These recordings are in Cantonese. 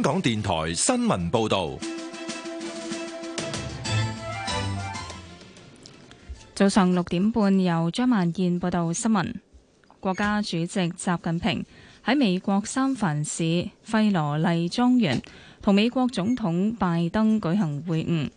香港電台新聞報道，早上六點半由張萬燕報道新聞。國家主席習近平喺美國三藩市費羅麗莊園同美國總統拜登舉行會晤。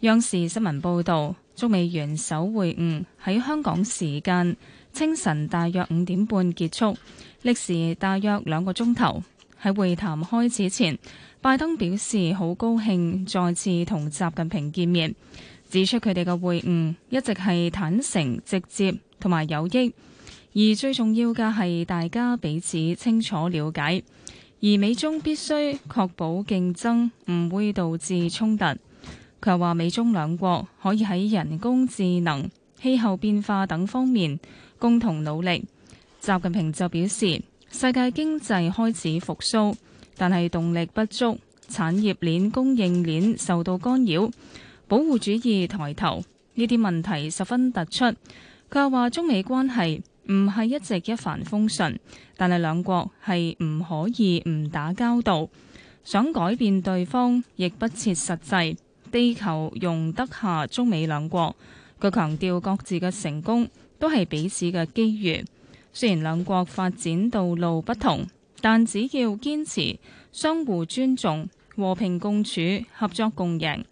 央視新聞報道，中美元首會晤喺香港時間清晨大約五點半結束，歷時大約兩個鐘頭。喺會談開始前，拜登表示好高興再次同習近平見面，指出佢哋嘅會晤一直係坦誠、直接同埋有益，而最重要嘅係大家彼此清楚了解，而美中必須確保競爭唔會導致衝突。佢話美中兩國可以喺人工智能、氣候變化等方面共同努力。習近平就表示。世界經濟開始復甦，但係動力不足，產業鏈供應鏈受到干擾，保護主義抬頭，呢啲問題十分突出。佢又話：中美關係唔係一直一帆風順，但係兩國係唔可以唔打交道，想改變對方亦不切實際。地球容得下中美兩國，佢強調各自嘅成功都係彼此嘅機遇。雖然兩國發展道路不同，但只要堅持相互尊重、和平共處、合作共贏，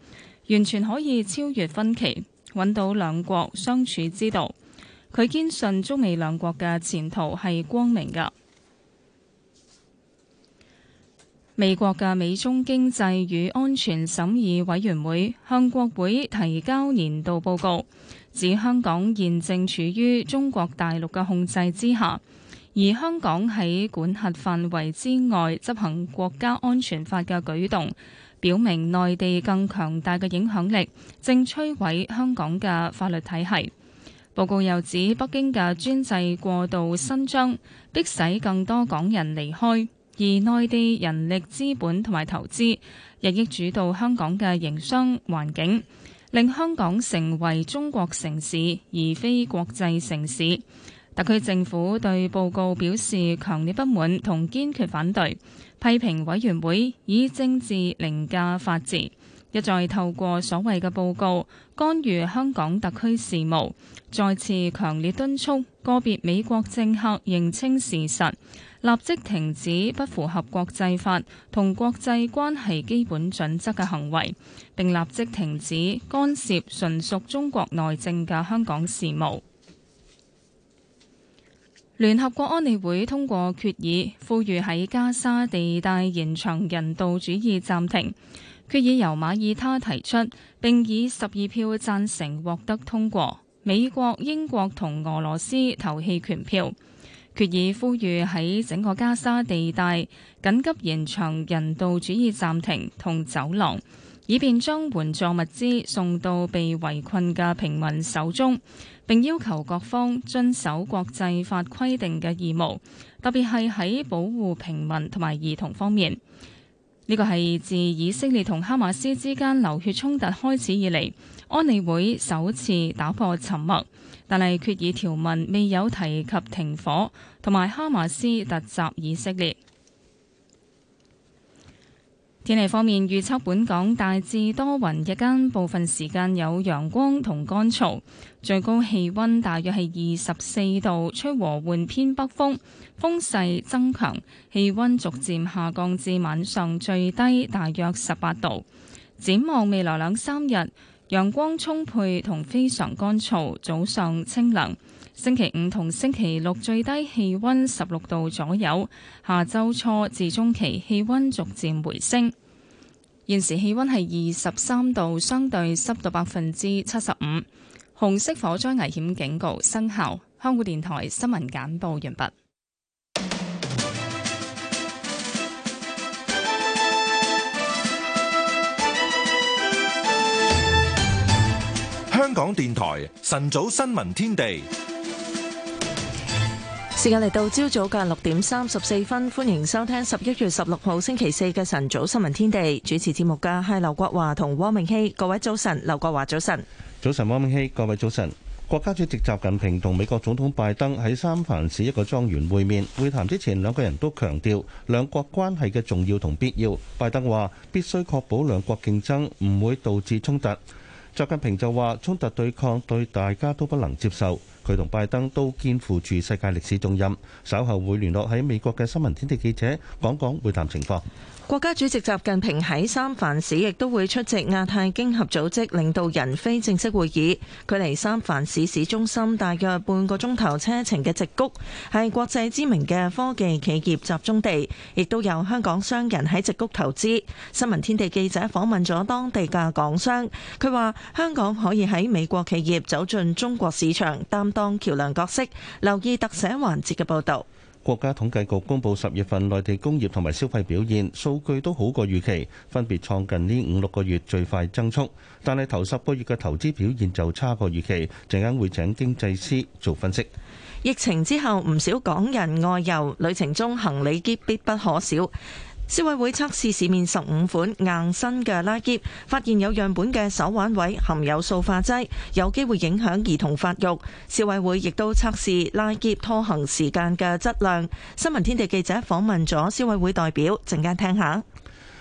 完全可以超越分歧，揾到兩國相處之道。佢堅信中美兩國嘅前途係光明㗎。美國嘅美中經濟與安全審議委員會向國會提交年度報告。指香港現正處於中國大陸嘅控制之下，而香港喺管轄範圍之外執行國家安全法嘅舉動表明內地更強大嘅影響力正摧毀香港嘅法律體系。報告又指，北京嘅專制過度伸張，迫使更多港人離開，而內地人力資本同埋投資日益主導香港嘅營商環境。令香港成為中國城市，而非國際城市。特區政府對報告表示強烈不滿，同堅決反對，批評委員會以政治凌駕法治。一再透過所謂嘅報告干預香港特區事務，再次強烈敦促個別美國政客認清事實，立即停止不符合國際法同國際關係基本準則嘅行為，並立即停止干涉純屬中國內政嘅香港事務。聯合國安理會通過決議，呼籲喺加沙地帶延長人道主義暫停。決議由馬耳他提出，並以十二票贊成獲得通過。美國、英國同俄羅斯投棄權票。決議呼籲喺整個加沙地帶緊急延長人道主義暫停同走廊，以便將援助物資送到被圍困嘅平民手中。並要求各方遵守國際法規定嘅義務，特別係喺保護平民同埋兒童方面。呢個係自以色列同哈馬斯之間流血衝突開始以嚟，安理會首次打破沉默，但係決議條文未有提及停火，同埋哈馬斯突襲以色列。天氣方面預測，本港大致多雲日間，部分時間有陽光同乾燥。最高氣溫大約係二十四度，吹和緩偏北風，風勢增強，氣溫逐漸下降至晚上最低大約十八度。展望未來兩三日，陽光充沛同非常乾燥，早上清涼。星期五同星期六最低氣溫十六度左右，下周初至中期氣溫逐漸回升。現時氣溫係二十三度，相對濕度百分之七十五。紅色火災危險警告生效。香港電台新聞簡報完畢。香港電台晨早新聞天地，時間嚟到朝早嘅六點三十四分，歡迎收聽十一月十六號星期四嘅晨早新聞天地。主持節目嘅係劉國華同汪明熙。各位早晨，劉國華早晨。早晨，汪明熙，各位早晨。國家主席習近平同美國總統拜登喺三藩市一個莊園會面。會談之前，兩個人都強調兩國關係嘅重要同必要。拜登話必須確保兩國競爭唔會導致衝突。習近平就話衝突對抗對大家都不能接受。佢同拜登都肩負住世界歷史重任。稍後會聯絡喺美國嘅新聞天地記者講講會談情況。國家主席習近平喺三藩市亦都會出席亞太經合組織領導人非正式會議。距離三藩市市中心大約半個鐘頭車程嘅矽谷，係國際知名嘅科技企業集中地，亦都有香港商人喺矽谷投資。新聞天地記者訪問咗當地嘅港商，佢話香港可以喺美國企業走進中國市場，擔當橋梁角色。留意特寫環節嘅報導。國家統計局公布十月份內地工業同埋消費表現，數據都好過預期，分別創近呢五六個月最快增速。但係頭十個月嘅投資表現就差過預期，陣間會請經濟師做分析。疫情之後唔少港人外遊，旅程中行李篋必不可少。消委會，會測試市面十五款硬身嘅拉篋，發現有樣本嘅手腕位含有塑化劑，有機會影響兒童發育。消委會，會亦都測試拉篋拖行時間嘅質量。新聞天地記者訪問咗消委會代表，陣間聽下。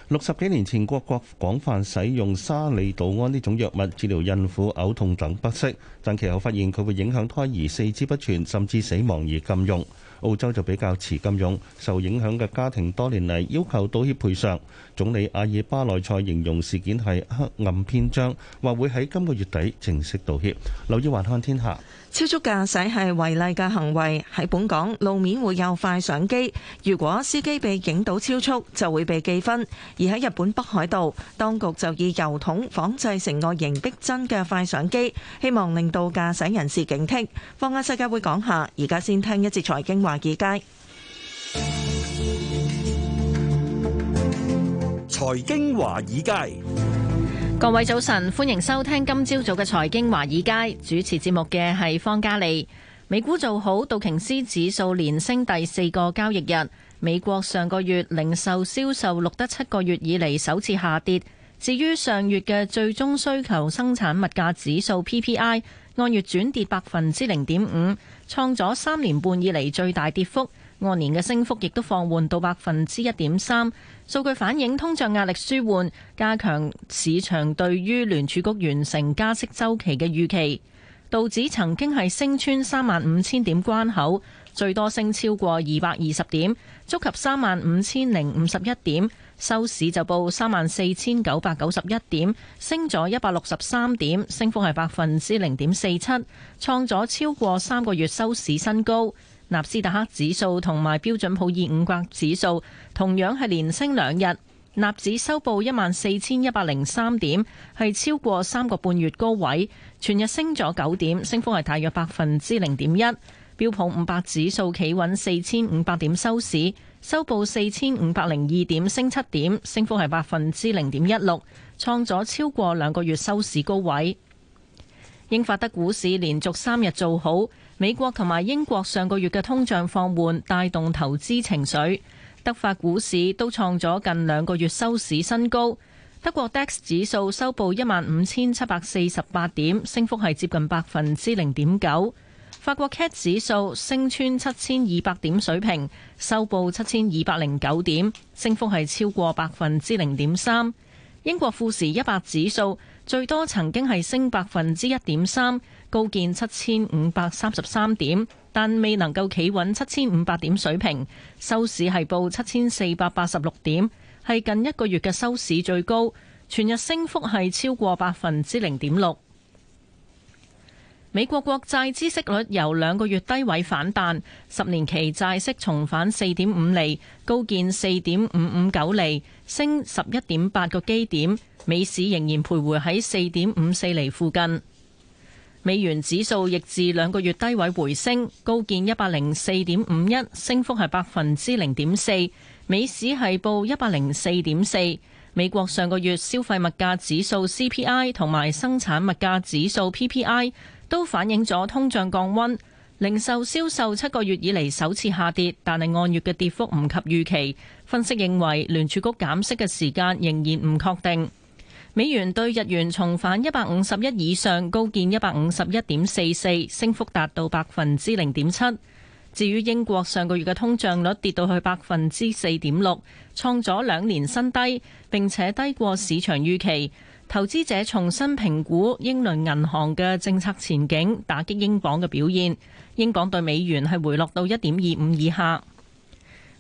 六十幾年前，各國，國廣泛使用沙利度胺呢種藥物治療孕婦嘔痛等不適，但其後發現佢會影響胎兒四肢不全甚至死亡而禁用。澳洲就比較遲禁用，受影響嘅家庭多年嚟要求道歉賠償。總理阿爾巴內塞形容事件係黑暗篇章，話會喺今個月底正式道歉。留意環看天下。超速駕駛係違例嘅行為，喺本港路面會有快相機，如果司機被影到超速，就會被記分。而喺日本北海道，當局就以油桶仿製成外形逼真嘅快相機，希望令到駕駛人士警惕。放眼世界會講下，而家先聽一節財經華爾街。財經華爾街。各位早晨，歡迎收聽今朝早嘅財經華爾街，主持節目嘅係方嘉利。美股做好，道瓊斯指數連升第四個交易日。美國上個月零售銷售錄得七個月以嚟首次下跌。至於上月嘅最終需求生產物價指數 PPI 按月轉跌百分之零點五，創咗三年半以嚟最大跌幅。按年嘅升幅亦都放緩到百分之一點三，數據反映通脹壓力舒緩，加強市場對於聯儲局完成加息周期嘅預期。道指曾經係升穿三萬五千點關口，最多升超過二百二十點，觸及三萬五千零五十一點，收市就報三萬四千九百九十一點，升咗一百六十三點，升幅係百分之零點四七，創咗超過三個月收市新高。納斯達克指數同埋標準普爾五百指數同樣係連升兩日，納指收報一萬四千一百零三點，係超過三個半月高位，全日升咗九點，升幅係大約百分之零點一。標普五百指數企穩四千五百點收市，收報四千五百零二點，升七點，升幅係百分之零點一六，創咗超過兩個月收市高位。英法德股市連續三日做好。美國同埋英國上個月嘅通脹放緩，帶動投資情緒。德法股市都創咗近兩個月收市新高。德國 DAX 指數收報一萬五千七百四十八點，升幅係接近百分之零點九。法國 CAC 指數升穿七千二百點水平，收報七千二百零九點，升幅係超過百分之零點三。英國富時一百指數最多曾經係升百分之一點三。高見七千五百三十三點，但未能夠企穩七千五百點水平。收市係報七千四百八十六點，係近一個月嘅收市最高。全日升幅係超過百分之零點六。美國國債孳息率由兩個月低位反彈，十年期債息重返四點五厘，高見四點五五九厘，升十一點八個基點。美市仍然徘徊喺四點五四厘附近。美元指數亦自兩個月低位回升，高見一百零四點五一，升幅係百分之零點四。美市係報一百零四點四。美國上個月消費物價指數 CPI 同埋生產物價指數 PPI 都反映咗通脹降溫。零售銷售七個月以嚟首次下跌，但係按月嘅跌幅唔及預期。分析認為聯儲局減息嘅時間仍然唔確定。美元對日元重返一百五十一以上，高見一百五十一點四四，升幅達到百分之零點七。至於英國上個月嘅通脹率跌到去百分之四點六，創咗兩年新低，並且低過市場預期。投資者重新評估英倫銀行嘅政策前景，打擊英鎊嘅表現。英鎊對美元係回落到一點二五以下。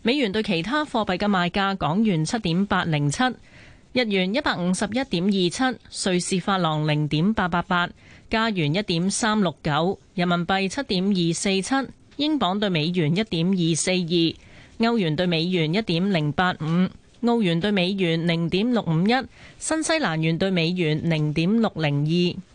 美元對其他貨幣嘅賣價，港元七點八零七。日元一百五十一點二七，瑞士法郎零點八八八，加元一點三六九，人民幣七點二四七，英鎊對美元一點二四二，歐元對美元一點零八五，澳元對美元零點六五一，新西蘭元對美元零點六零二。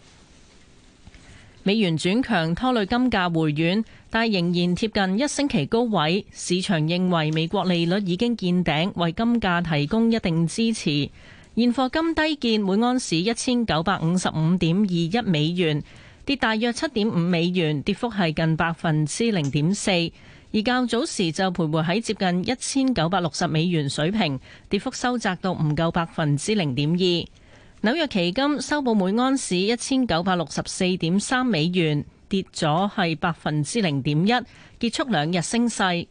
美元轉強拖累金價回軟，但仍然貼近一星期高位。市場認為美國利率已經見頂，為金價提供一定支持。現貨金低見每安士一千九百五十五點二一美元，跌大約七點五美元，跌幅係近百分之零點四。而較早時就徘徊喺接近一千九百六十美元水平，跌幅收窄到唔夠百分之零點二。紐約期金收報每安士一千九百六十四點三美元，跌咗係百分之零點一，結束兩日升勢。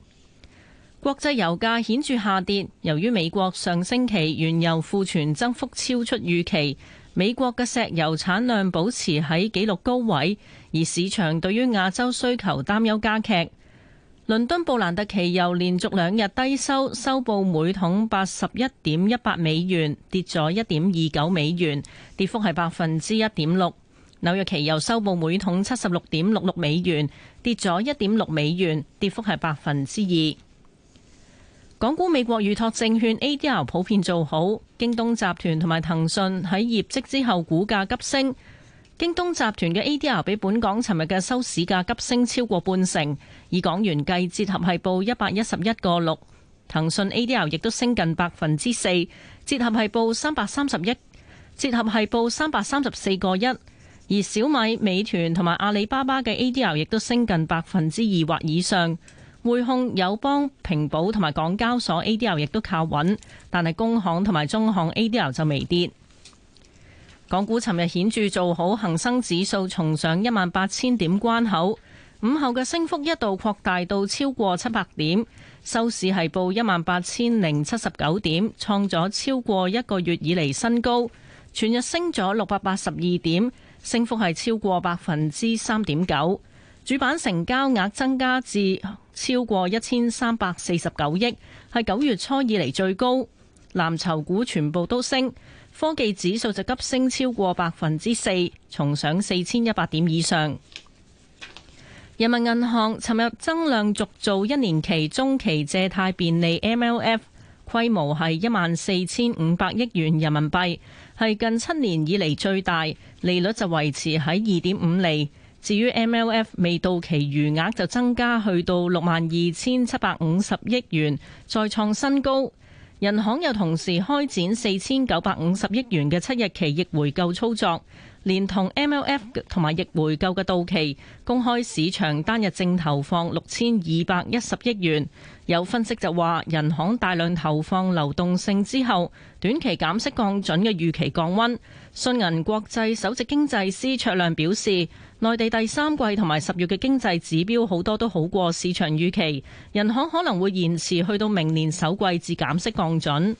國際油價顯著下跌，由於美國上星期原油庫存增幅超出預期，美國嘅石油產量保持喺紀錄高位，而市場對於亞洲需求擔憂加劇。倫敦布蘭特期油連續兩日低收，收報每桶八十一點一八美元，跌咗一點二九美元，跌幅係百分之一點六。紐約期油收報每桶七十六點六六美元，跌咗一點六美元，跌幅係百分之二。港股美國預托證券 ADR 普遍做好，京東集團同埋騰訊喺業績之後股價急升。京東集團嘅 ADR 比本港尋日嘅收市價急升超過半成，以港元計，折合係報一百一十一個六。騰訊 ADR 亦都升近百分之四，折合係報三百三十億，折合係報三百三十四個一。而小米、美團同埋阿里巴巴嘅 ADR 亦都升近百分之二或以上。匯控、友邦、平保同埋港交所 ADR 亦都靠穩，但係工行同埋中行 ADR 就微跌。港股尋日顯著做好，恆生指數重上一萬八千點關口。午後嘅升幅一度擴大到超過七百點，收市係報一萬八千零七十九點，創咗超過一個月以嚟新高。全日升咗六百八十二點，升幅係超過百分之三點九。主板成交額增加至超過一千三百四十九億，係九月初以嚟最高。藍籌股全部都升。科技指數就急升超過百分之四，重上四千一百點以上。人民銀行尋日增量續做一年期中期借貸便利 MLF 規模係一萬四千五百億元人民幣，係近七年以嚟最大，利率就維持喺二點五厘。至於 MLF 未到期餘額就增加去到六萬二千七百五十億元，再創新高。人行又同時開展四千九百五十億元嘅七日期逆回購操作，連同 MLF 同埋逆回購嘅到期，公開市場單日淨投放六千二百一十億元。有分析就話，人行大量投放流動性之後，短期減息降準嘅預期降溫。信銀國際首席經濟師卓亮表示。內地第三季同埋十月嘅經濟指標好多都好過市場預期，人行可能會延遲去到明年首季至減息降準。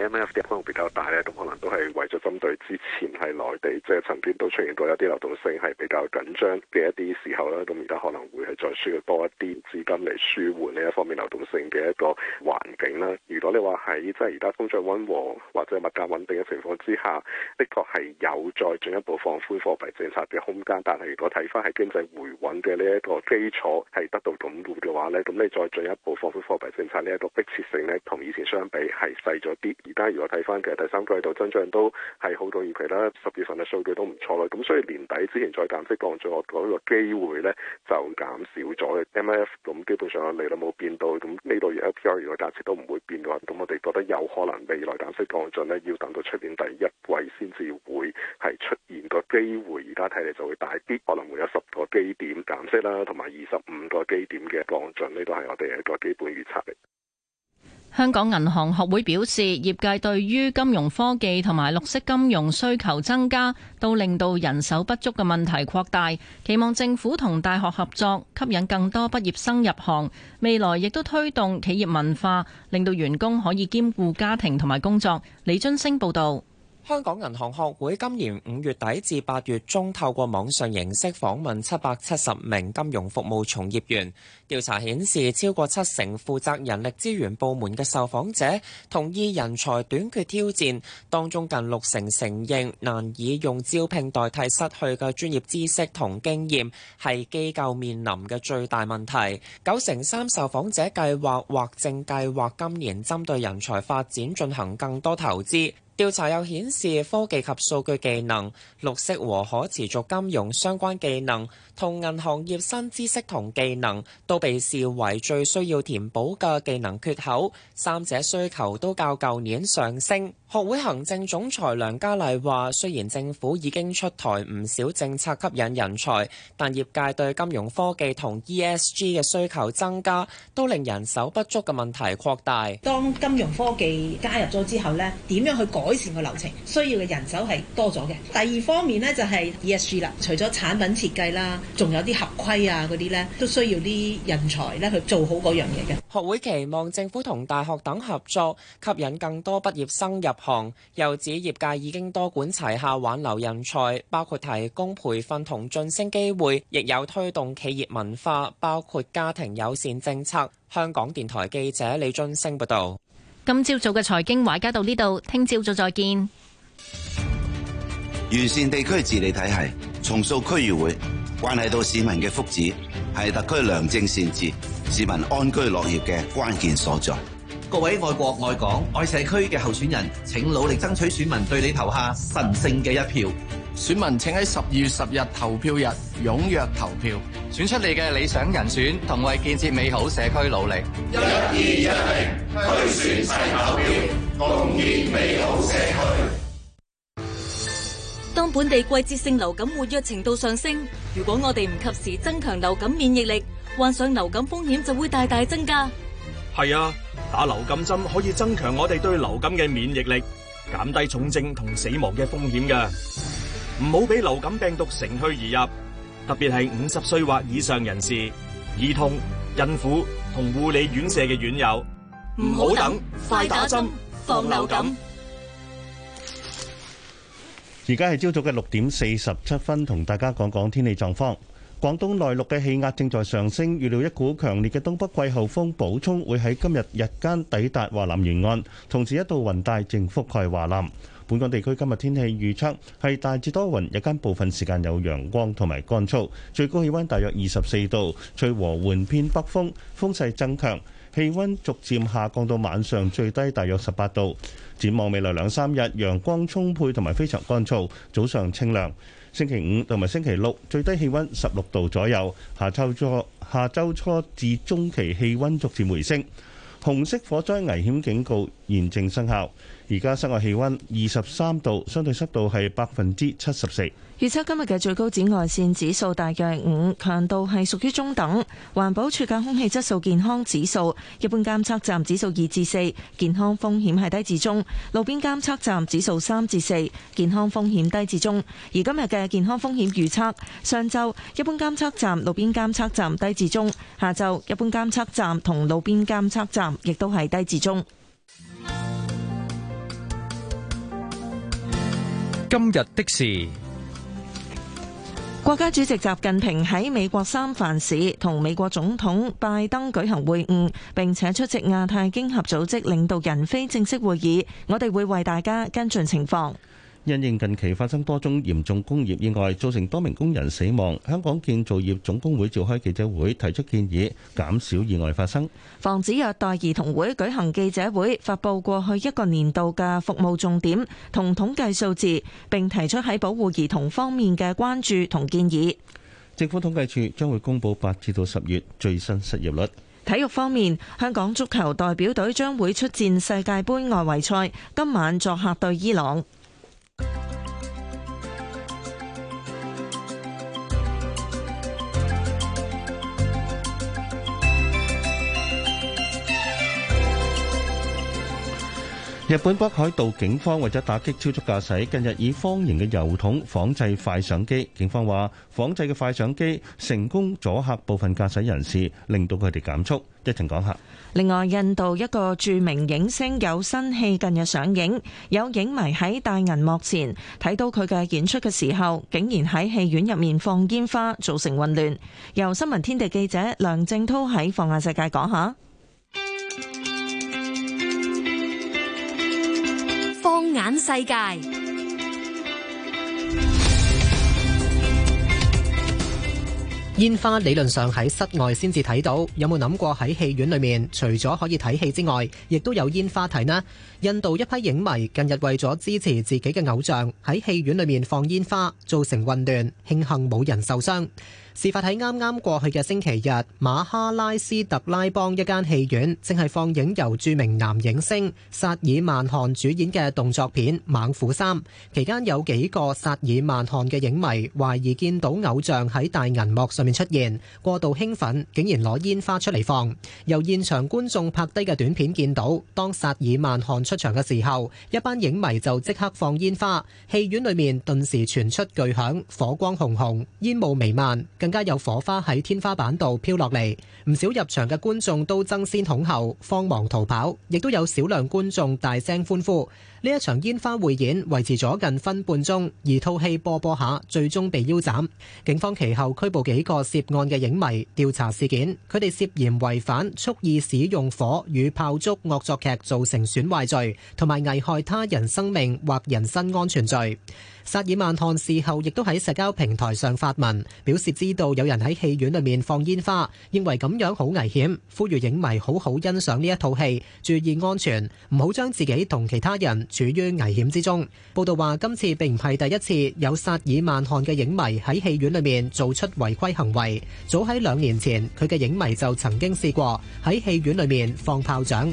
M.F.D. 規模比較大咧，咁可能都係為咗針對之前係內地即係曾經都出現過一啲流動性係比較緊張嘅一啲時候啦，咁而家可能會係再需要多一啲資金嚟舒緩呢一方面流動性嘅一個環境啦。如果你話喺即係而家通脹溫和或者物價穩定嘅情況之下，的確係有再進一步放寬貨幣政策嘅空間。但係如果睇翻喺經濟回穩嘅呢一個基礎係得到鞏固嘅話咧，咁你再進一步放寬貨幣政策呢一個迫切性咧，同以前相比係細咗啲。而家如果睇翻，嘅第三季度增長都係好到預期啦。十月份嘅數據都唔錯啦。咁所以年底之前再減息降準嗰個機會咧，就減少咗。M F 咁基本上利率冇變到。咁呢度 L P R 如果減息都唔會變嘅話，咁我哋覺得有可能未來減息降準咧，要等到出年第一季先至會係出現個機會。而家睇嚟就會大啲，可能會有十個基點減息啦，同埋二十五個基點嘅降準，呢個係我哋一個基本預測嚟。香港銀行學會表示，業界對於金融科技同埋綠色金融需求增加，都令到人手不足嘅問題擴大。期望政府同大學合作，吸引更多畢業生入行。未來亦都推動企業文化，令到員工可以兼顧家庭同埋工作。李津升報道。香港銀行學會今年五月底至八月中透過網上形式訪問七百七十名金融服務從業員，調查顯示超過七成負責人力資源部門嘅受訪者同意人才短缺挑戰。當中近六成承認難以用招聘代替失去嘅專業知識同經驗，係機構面臨嘅最大問題。九成三受訪者計劃或正計劃今年針對人才發展進行更多投資。調查又顯示，科技及數據技能、綠色和可持續金融相關技能，同銀行業新知識同技能都被視為最需要填補嘅技能缺口，三者需求都較舊年上升。學會行政總裁梁家麗話，雖然政府已經出台唔少政策吸引人才，但業界對金融科技同 ESG 嘅需求增加，都令人手不足嘅問題擴大。當金融科技加入咗之後呢，點樣去改善個流程，需要嘅人手係多咗嘅。第二方面呢、就是，就係 ESG 啦， 除咗產品設計啦。仲有啲合規啊嗰啲咧，都需要啲人才咧去做好嗰樣嘢嘅。學會期望政府同大學等合作，吸引更多畢業生入行。又指業界已經多管齊下挽留人才，包括提供培訓同晉升機會，亦有推動企業文化，包括家庭友善政策。香港電台記者李津升報道。今朝早嘅財經話家到呢度，聽朝早再見。完善地區治理體系，重塑區議會，關係到市民嘅福祉，係特區良政善治、市民安居樂業嘅關鍵所在。各位愛國愛港愛社區嘅候選人，請努力爭取選民對你投下神聖嘅一票。選民請喺十二月十日投票日，踴躍投票，選出你嘅理想人選，同為建設美好社區努力。一、二、一、零，區選投票，共建美好社區。當本地季節性流感活躍程度上升，如果我哋唔及時增強流感免疫力，患上流感風險就會大大增加。係啊，打流感針可以增強我哋對流感嘅免疫力，減低重症同死亡嘅風險㗎。唔好俾流感病毒乘虛而入，特別係五十歲或以上人士、兒童、孕婦同護理院舍嘅院友。唔好等，快打針，防流感。而家係朝早嘅六點四十七分，同大家講講天氣狀況。廣東內陸嘅氣壓正在上升，預料一股強烈嘅東北季候風補充會喺今日日間抵達華南沿岸，同時一道雲帶正覆蓋華南。本港地區今日天氣預測係大致多雲，日間部分時間有陽光同埋乾燥，最高氣溫大約二十四度，吹和緩偏北風，風勢增強。氣溫逐漸下降到晚上最低大約十八度。展望未來兩三日，陽光充沛同埋非常乾燥，早上清涼。星期五同埋星期六最低氣溫十六度左右。下週初，下週初至中期氣溫逐漸回升。紅色火災危險警告現正生效。而家室外氣溫二十三度，相對濕度係百分之七十四。預測今日嘅最高紫外線指數大約五，強度係屬於中等。環保署嘅空氣質素健康指數一般監測站指數二至四，健康風險係低至中；路邊監測站指數三至四，健康風險低至中。而今日嘅健康風險預測：上晝一般監測站、路邊監測站低至中；下晝一般監測站同路邊監測站亦都係低至中。今日的事，國家主席習近平喺美國三藩市同美國總統拜登舉行會晤，並且出席亞太經合組織領導人非正式會議。我哋會為大家跟進情況。因應近期發生多宗嚴重工業意外，造成多名工人死亡，香港建造業總工會召開記者會，提出建議減少意外發生。防止虐待兒童會舉行記者會，發布過去一個年度嘅服務重點同統計數字，並提出喺保護兒童方面嘅關注同建議。政府統計處將會公布八至到十月最新失業率。體育方面，香港足球代表隊將會出戰世界杯外圍賽，今晚作客對伊朗。日本北海道警方為咗打擊超速駕駛，近日以方形嘅油桶仿製快相機。警方話，仿製嘅快相機成功阻嚇部分駕駛人士，令到佢哋減速。一陣講下。另外，印度一個著名影星有新戲近日上映，有影迷喺大銀幕前睇到佢嘅演出嘅時候，竟然喺戲院入面放煙花，造成混亂。由新聞天地記者梁正濤喺《放眼世界》講下。放眼世界，煙花理論上喺室外先至睇到，有冇諗過喺戲院裡面，除咗可以睇戲之外，亦都有煙花睇呢？印度一批影迷近日為咗支持自己嘅偶像，喺戲院裡面放煙花，造成混亂，慶幸冇人受傷。事發喺啱啱過去嘅星期日，馬哈拉斯特拉邦一間戲院正係放映由著名男影星薩爾曼汗主演嘅動作片《猛虎三》，期間有幾個薩爾曼汗嘅影迷懷疑見到偶像喺大銀幕上面出現，過度興奮竟然攞煙花出嚟放。由現場觀眾拍低嘅短片見到，當薩爾曼汗出場嘅時候，一班影迷就即刻放煙花，戲院裡面頓時傳出巨響，火光紅紅，煙霧瀰漫。更加有火花喺天花板度飄落嚟，唔少入場嘅觀眾都爭先恐後，慌忙逃跑，亦都有少量觀眾大聲歡呼。呢一場煙花匯演維持咗近分半鐘，而套戲播播下，最終被腰斬。警方其後拘捕幾個涉案嘅影迷調查事件，佢哋涉嫌違反蓄意使用火與炮竹惡作劇造成損壞罪，同埋危害他人生命或人身安全罪。薩爾曼汗事後亦都喺社交平台上發文，表示知道有人喺戲院裏面放煙花，認為咁樣好危險，呼籲影迷好好欣賞呢一套戲，注意安全，唔好將自己同其他人處於危險之中。報道話，今次並唔係第一次有薩爾曼汗嘅影迷喺戲院裏面做出違規行為。早喺兩年前，佢嘅影迷就曾經試過喺戲院裏面放炮仗。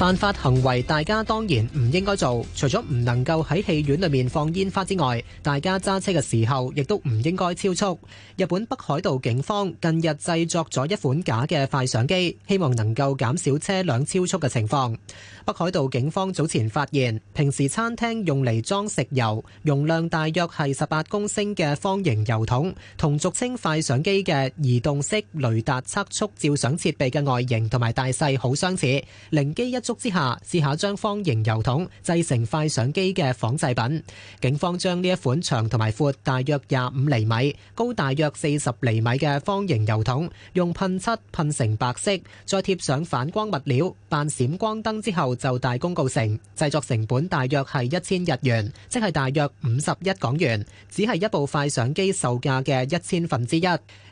犯法行為，大家當然唔應該做。除咗唔能夠喺戲院裏面放煙花之外，大家揸車嘅時候亦都唔應該超速。日本北海道警方近日製作咗一款假嘅快相機，希望能夠減少車輛超速嘅情況。北海道警方早前發現，平時餐廳用嚟裝食油容量大約係十八公升嘅方形油桶，同俗稱快相機嘅移動式雷達測速照相設備嘅外形同埋大細好相似。靈機一之下試下將方形油桶製成快相機嘅仿製品。警方將呢一款長同埋闊大約廿五厘米、高大約四十厘米嘅方形油桶，用噴漆噴成白色，再貼上反光物料扮閃光燈之後，就大功告成。製作成本大約係一千日元，即係大約五十一港元，只係一部快相機售價嘅一千分之一。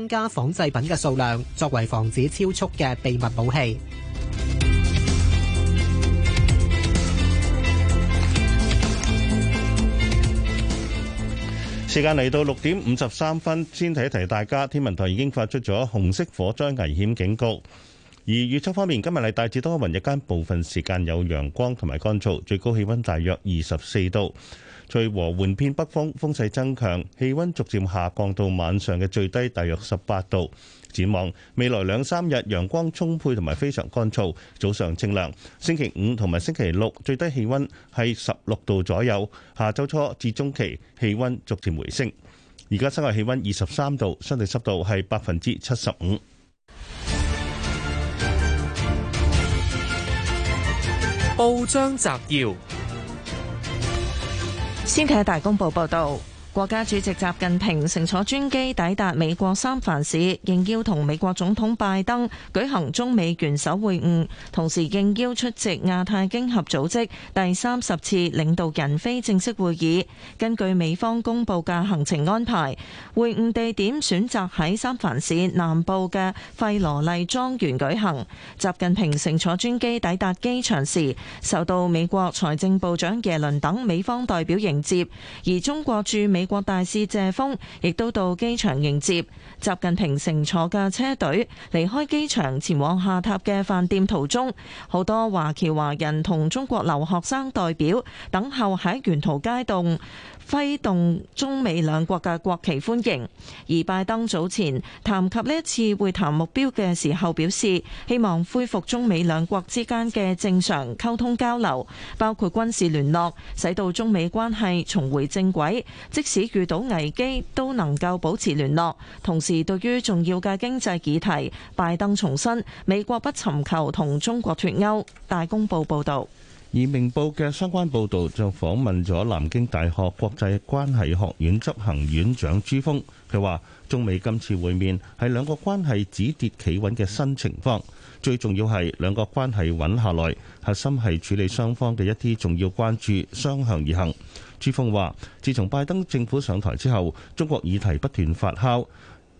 增加仿製品嘅數量，作為防止超速嘅秘密武器。時間嚟到六點五十三分，先提一提大家。天文台已經發出咗紅色火災危險警告。而預測方面，今日係大致多雲，日間部分時間有陽光同埋乾燥，最高氣温大約二十四度。隨和緩偏北風，風勢增強，氣溫逐漸下降到晚上嘅最低大約十八度。展望未來兩三日陽光充沛同埋非常乾燥，早上清涼。星期五同埋星期六最低氣溫係十六度左右，下周初至中期氣溫逐漸回升。而家室外氣溫二十三度，相對濕度係百分之七十五。報章摘要。先睇大公報報道。國家主席習近平乘坐專機抵達美國三藩市，應邀同美國總統拜登舉行中美元首會晤，同時應邀出席亞太經合組織第三十次領導人非正式會議。根據美方公布嘅行程安排，會晤地點選擇喺三藩市南部嘅費羅麗莊園舉行。習近平乘坐專機抵達機場時，受到美國財政部長耶倫等美方代表迎接，而中國駐美美國大使謝鋒亦都到機場迎接習近平乘坐嘅車隊離開機場，前往下榻嘅飯店途中，好多華僑華人同中國留學生代表等候喺沿途街道揮動中美兩國嘅國旗歡迎。而拜登早前談及呢一次會談目標嘅時候表示，希望恢復中美兩國之間嘅正常溝通交流，包括軍事聯絡，使到中美關係重回正軌，即。始遇到危機都能夠保持聯絡，同時對於重要嘅經濟議題，拜登重申美國不尋求同中國脫鈎。大公報報道。而明報嘅相關報道就訪問咗南京大學國際關係學院執行院長朱鋒，佢話中美今次會面係兩國關係止跌企穩嘅新情況，最重要係兩國關係穩下來，核心係處理雙方嘅一啲重要關注，雙向而行。朱峰話：自從拜登政府上台之後，中國議題不斷發酵。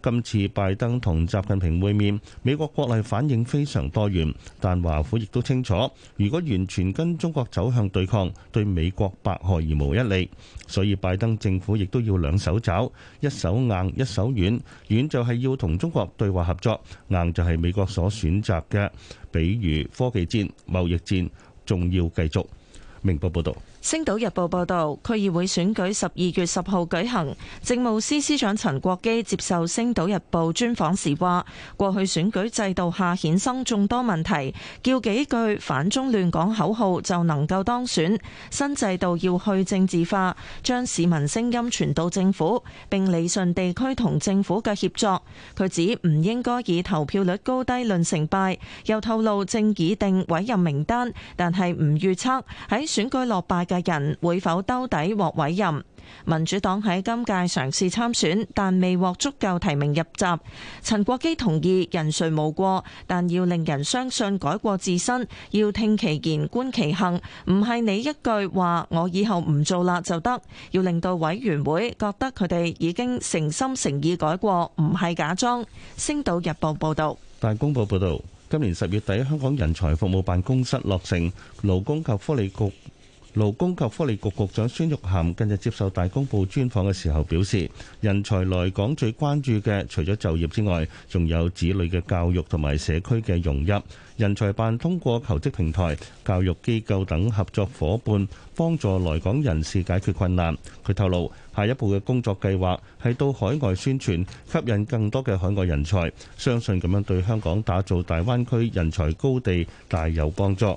今次拜登同習近平會面，美國國內反應非常多元。但華府亦都清楚，如果完全跟中國走向對抗，對美國百害而無一利。所以拜登政府亦都要兩手抓，一手硬，一手軟。軟就係要同中國對話合作，硬就係美國所選擇嘅，比如科技戰、貿易戰，仲要繼續。明報報道。《星島日報，報導》報道，區議會選舉十二月十號舉行。政務司司長陳國基接受《星島日報》專訪時話：過去選舉制度下衍生眾多問題，叫幾句反中亂港口號就能夠當選。新制度要去政治化，將市民聲音傳到政府，並理順地區同政府嘅協作。佢指唔應該以投票率高低論成敗。又透露正擬定委任名單，但係唔預測喺選舉落敗。嘅人會否兜底獲委任？民主黨喺今屆嘗試參選，但未獲足夠提名入閘。陳國基同意人誰無過，但要令人相信改過自身，要聽其言觀其行，唔係你一句話我以後唔做啦就得。要令到委員會覺得佢哋已經誠心誠意改過，唔係假裝。星島日報報道，大公報報道，今年十月底，香港人才服務辦公室落成勞工及福利局。勞工及福利局局長孫玉菡近日接受《大公報》專訪嘅時候表示，人才來港最關注嘅，除咗就業之外，仲有子女嘅教育同埋社區嘅融入。人才辦通過求職平台、教育機構等合作夥伴，幫助來港人士解決困難。佢透露，下一步嘅工作計劃係到海外宣傳，吸引更多嘅海外人才。相信咁樣對香港打造大灣區人才高地大有幫助。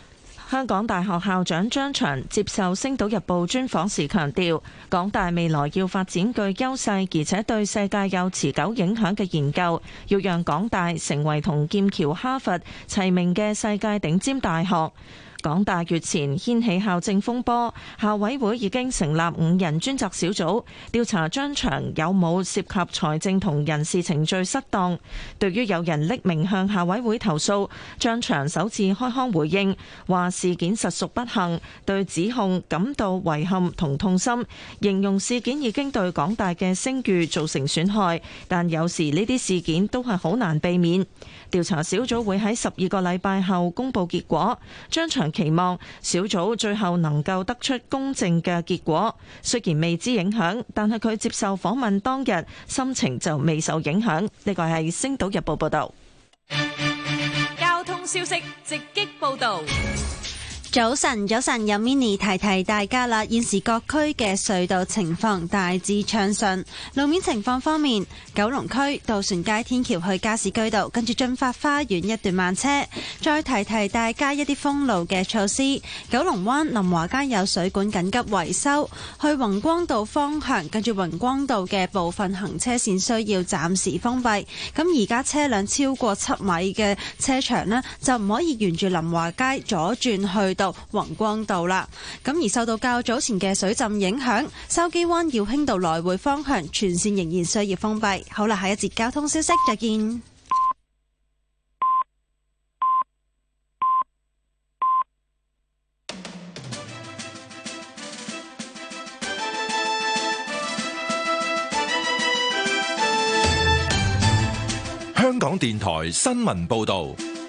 香港大學校長張翔接受《星島日報》專訪時強調，港大未來要發展具優勢，而且對世界有持久影響嘅研究，要讓港大成為同劍橋哈佛齊名嘅世界頂尖大學。港大月前掀起校政風波，校委會已經成立五人專責小組調查張翔有冇涉及財政同人事程序失當。對於有人匿名向校委會投訴，張翔首次開腔回應，話事件實屬不幸，對指控感到遺憾同痛心，形容事件已經對港大嘅聲譽造成損害。但有時呢啲事件都係好難避免。調查小組會喺十二個禮拜後公佈結果。張翔，期望小組最後能夠得出公正嘅結果。雖然未知影響，但係佢接受訪問當日心情就未受影響。呢個係《星島日報》報道。交通消息直擊報道。早晨，早晨，有 Mini 提提大家啦。現時各區嘅隧道情況大致暢順。路面情況方面，九龍區渡船街天橋去加士居道，跟住駿發花園一段慢車。再提提大家一啲封路嘅措施。九龍灣林華街有水管緊急維修，去宏光道方向，跟住宏光道嘅部分行車綫需要暫時封閉。咁而家車輛超過七米嘅車長咧，就唔可以沿住林華街左轉去。到宏光道啦，咁而受到較早前嘅水浸影響，筲箕灣耀興道來回方向全線仍然需要封閉。好啦，下一節交通消息再見。香港電台新聞報道。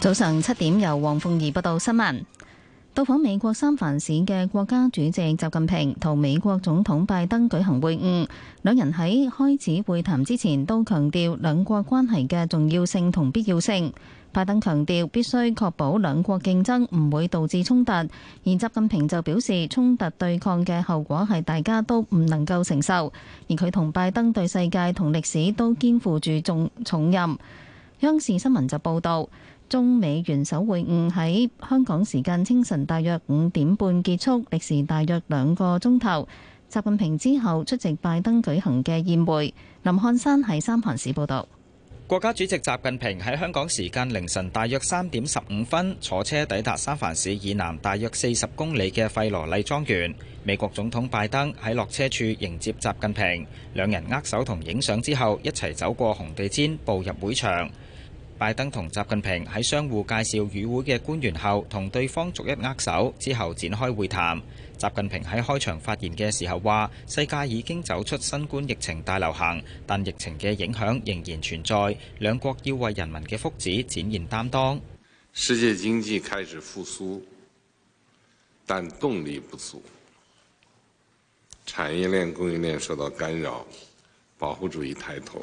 早上七點，由黃鳳儀報道新聞。到訪美國三藩市嘅國家主席習近平同美國總統拜登舉行會晤。兩人喺開始會談之前都強調兩國關係嘅重要性同必要性。拜登強調必須確保兩國競爭唔會導致衝突，而習近平就表示衝突對抗嘅後果係大家都唔能夠承受。而佢同拜登對世界同歷史都肩負住重重任。央視新聞就報道。中美元首會晤喺香港時間清晨大約五點半結束，歷時大約兩個鐘頭。習近平之後出席拜登舉行嘅宴會。林漢山喺三藩市報道。國家主席習近平喺香港時間凌晨大約三點十五分坐車抵達三藩市以南大約四十公里嘅費羅麗莊園。美國總統拜登喺落車處迎接習近平，兩人握手同影相之後一齊走過紅地毯，步入會場。拜登同習近平喺相互介紹與會嘅官員後，同對方逐一握手，之後展開會談。習近平喺開場發言嘅時候話，世界已經走出新冠疫情大流行，但疫情嘅影響仍然存在，兩國要為人民嘅福祉展現擔當。世界經濟開始復蘇，但動力不足，產業鏈、供應鏈受到干擾，保護主義抬頭。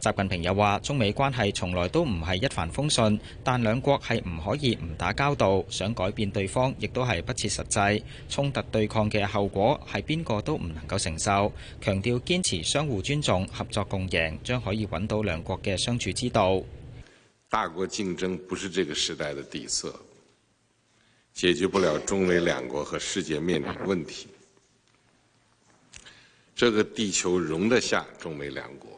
習近平又話中美關係從來都唔係一帆風順，但兩國係唔可以唔打交道，想改變對方亦都係不切實際，衝突對抗嘅後果係邊個都唔能夠承受。強調堅持相互尊重、合作共贏，將可以揾到兩國嘅相處之道。大國競爭不是這個時代的底色，解決不了中美兩國和世界面臨嘅問題。這個地球容得下中美兩國。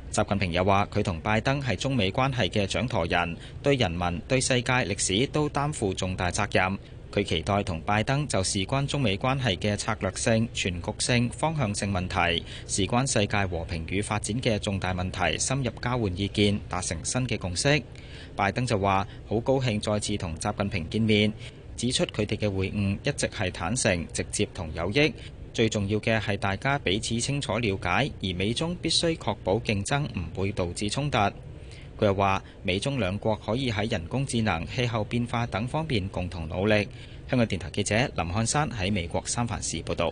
習近平又話：佢同拜登係中美關係嘅掌舵人，對人民、對世界歷史都擔負重大責任。佢期待同拜登就事關中美關係嘅策略性、全局性、方向性問題，事關世界和平與發展嘅重大問題，深入交換意見，達成新嘅共識。拜登就話：好高興再次同習近平見面，指出佢哋嘅會晤一直係坦誠、直接同有益。最重要嘅係大家彼此清楚了解，而美中必須確保競爭唔會導致衝突。佢又話，美中兩國可以喺人工智能、氣候變化等方面共同努力。香港電台記者林漢山喺美國三藩市報道。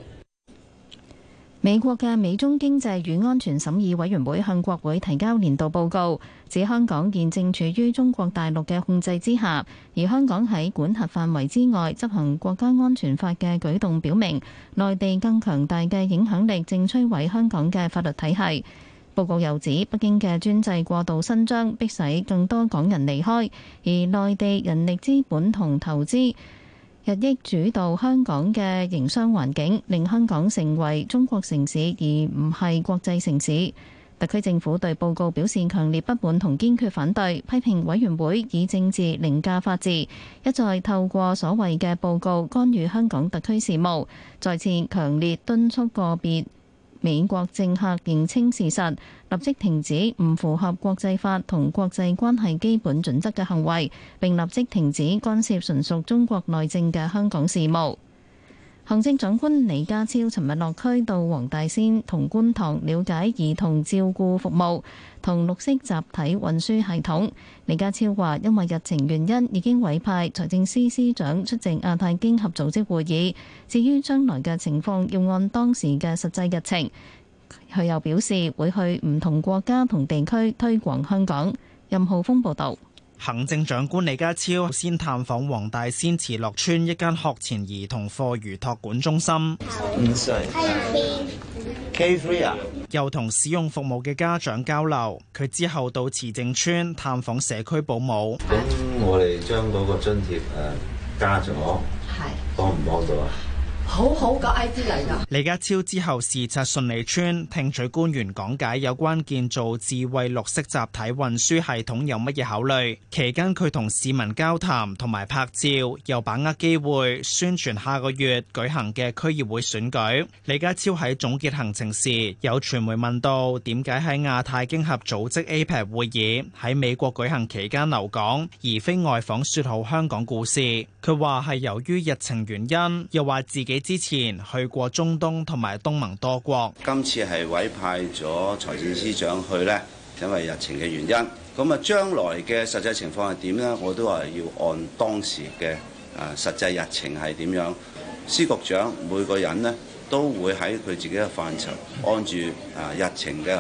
美國嘅美中經濟與安全審議委員會向國會提交年度報告，指香港現正處於中國大陸嘅控制之下，而香港喺管轄範圍之外執行國家安全法嘅舉動，表明內地更強大嘅影響力正摧毀香港嘅法律體系。報告又指，北京嘅專制過度伸張迫使更多港人離開，而內地人力資本同投資日益主導香港嘅營商環境，令香港成為中國城市而唔係國際城市。特區政府對報告表示強烈不滿同堅決反對，批評委員會以政治凌駕法治，一再透過所謂嘅報告干預香港特區事務。再次強烈敦促個別美國政客認清事實。立即停止唔符合國際法同國際關係基本準則嘅行為，並立即停止干涉純屬中國內政嘅香港事務。行政長官李家超尋日落區到黃大仙同觀塘了解兒童照顧服務同綠色集體運輸系統，李家超話因為日程原因，已經委派財政司司長出席亞太經合組織會議，至於將來嘅情況要按當時嘅實際日程。佢又表示會去唔同國家同地區推廣香港。任浩峰報道，行政長官李家超先探訪黃大仙慈樂村一間學前兒童課餘托管中心，K3 啊、又同使用服務嘅家長交流。佢之後到慈政村探訪社區保姆。咁是我哋將嗰個津貼誒加咗，幫唔幫到啊？好好嘅 idea 嚟噶。李家超之後視察順利村，聽取官員講解有關建造智慧綠色集體運輸系統有乜嘢考慮。期間佢同市民交談同埋拍照，又把握機會宣傳下個月舉行嘅區議會選舉。李家超喺總結行程時，有傳媒問到點解喺亞太經合組織 APEC 會議喺美國舉行期間留港，而非外訪說好香港故事。佢話係由於日程原因，又話自己。之前去過中東同埋東盟多國，今次係委派咗財政司長去咧，因為日程嘅原因。咁啊，將來嘅實際情況係點咧？我都話要按當時嘅啊實際日程係點樣，司局長每個人咧都會喺佢自己嘅範疇，按住啊日程嘅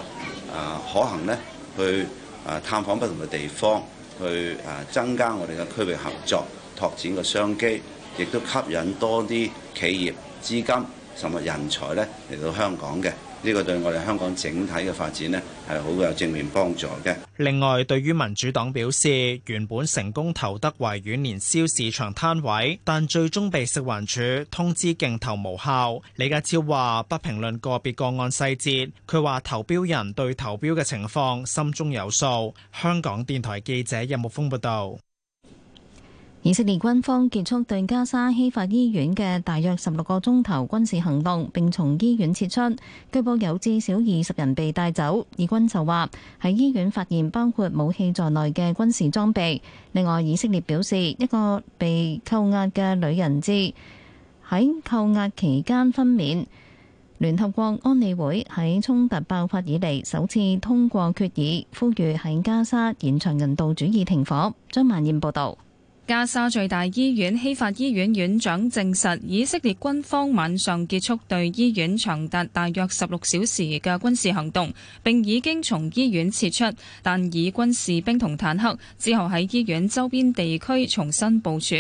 啊可行咧去啊探訪不同嘅地方，去啊增加我哋嘅區域合作，拓展個商機。亦都吸引多啲企業資金甚至人才咧嚟，到香港嘅。呢個對我哋香港整體嘅發展咧係好有正面幫助嘅。另外，對於民主黨表示，原本成功投得維園年宵市場攤位，但最終被食環署通知競投無效。李家超話不評論個別個案細節，佢話投標人對投標嘅情況心中有數，香港電台記者任木峯報道。以色列軍方結束對加沙希法醫院嘅大約十六個鐘頭軍事行動，並從醫院撤出。據報有至少二十人被帶走。以軍就話喺醫院發現包括武器在內嘅軍事裝備。另外，以色列表示一個被扣押嘅女人質喺扣押期間分娩。聯合國安理會喺衝突爆發以嚟首次通過決議，呼籲喺加沙延長人道主義停火。張萬燕報導。加沙最大醫院希法醫院院長證實，以色列軍方晚上結束對醫院長達大約十六小時嘅軍事行動，並已經從醫院撤出，但以軍士兵同坦克之後喺醫院周邊地區重新部署。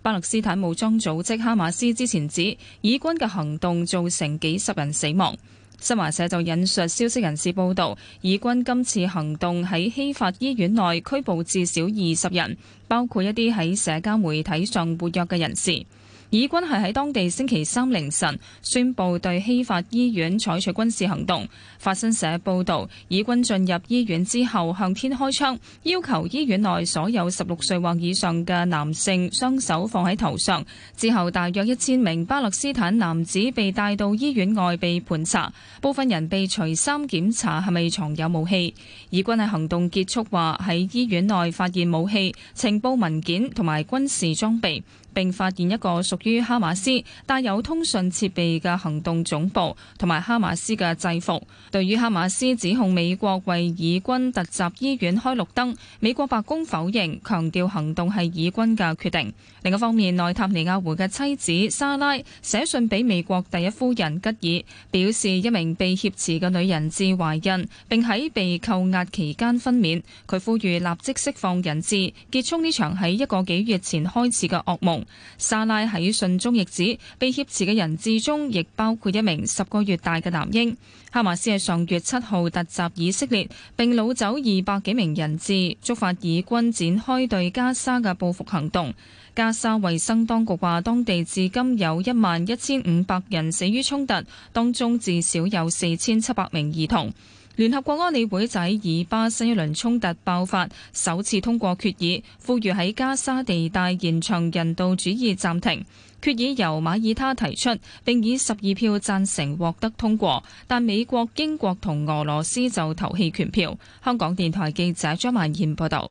巴勒斯坦武裝組織哈馬斯之前指，以軍嘅行動造成幾十人死亡。新華社就引述消息人士報道，以軍今次行動喺希法醫院內拘捕至少二十人，包括一啲喺社交媒體上活躍嘅人士。以軍係喺當地星期三凌晨宣布對希法醫院採取軍事行動。法新社報導，以軍進入醫院之後向天開槍，要求醫院內所有十六歲或以上嘅男性雙手放喺頭上。之後，大約一千名巴勒斯坦男子被帶到醫院外被盤查，部分人被除衫檢查係咪藏有武器。以軍喺行動結束話喺醫院內發現武器、情報文件同埋軍事裝備。並發現一個屬於哈馬斯帶有通訊設備嘅行動總部，同埋哈馬斯嘅制服。對於哈馬斯指控美國為以軍突襲醫院開綠燈，美國白宮否認，強調行動係以軍嘅決定。另一方面，內塔尼亞胡嘅妻子莎拉寫信俾美國第一夫人吉爾，表示一名被挾持嘅女人質懷孕，並喺被扣押期間分娩。佢呼籲立即釋放人質，結束呢場喺一個幾月前開始嘅噩夢。沙拉喺信中亦指，被挾持嘅人質中亦包括一名十個月大嘅男嬰。哈馬斯喺上月七號突襲以色列，並擄走二百幾名人質，觸發以軍展開對加沙嘅報復行動。加沙衛生當局話，當地至今有一萬一千五百人死於衝突，當中至少有四千七百名兒童。聯合國安理會在以巴新一輪衝突爆發，首次通過決議，賦予喺加沙地帶延長人道主義暫停。決議由馬耳他提出，並以十二票贊成獲得通過，但美國、英國同俄羅斯就投棄權票。香港電台記者張曼燕報道。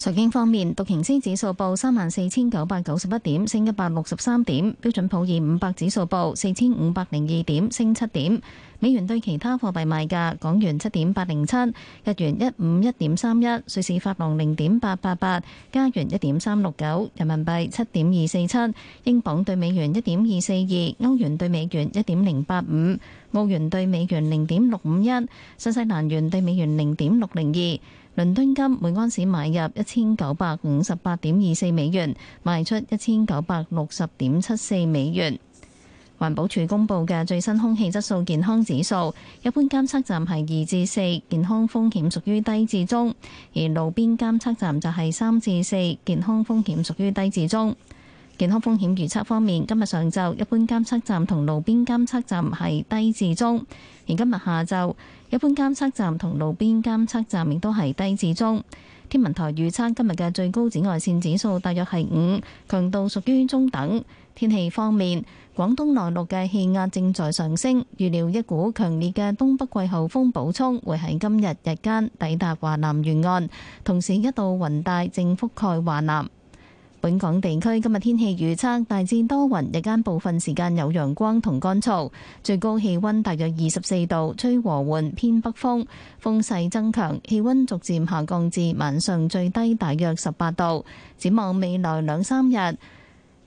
財經方面，道瓊斯指數報三萬四千九百九十一點，升一百六十三點；標準普爾五百指數報四千五百零二點，升七點。美元對其他貨幣賣價：港元七點八零七，日元一五一點三一，瑞士法郎零點八八八，加元一點三六九，人民幣七點二四七，英鎊對美元一點二四二，歐元對美元一點零八五，澳元對美元零點六五一，新西蘭元對美元零點六零二。倫敦金每安士買入一千九百五十八點二四美元，賣出一千九百六十點七四美元。環保署公布嘅最新空氣質素健康指數，一般監測站係二至四，健康風險屬於低至中；而路邊監測站就係三至四，健康風險屬於低至中。健康風險預測方面，今日上晝一般監測站同路邊監測站係低至中。而今日下晝，一般監測站同路邊監測站亦都係低至中。天文台預測今日嘅最高紫外線指數大約係五，強度屬於中等。天氣方面，廣東內陸嘅氣壓正在上升，預料一股強烈嘅東北季候風補充會喺今日日間抵達華南沿岸，同時一道雲帶正覆蓋華南。本港地區今日天氣預測大致多雲，日間部分時間有陽光同乾燥，最高氣温大約二十四度，吹和緩偏北風，風勢增強，氣温逐漸下降至晚上最低大約十八度。展望未來兩三日，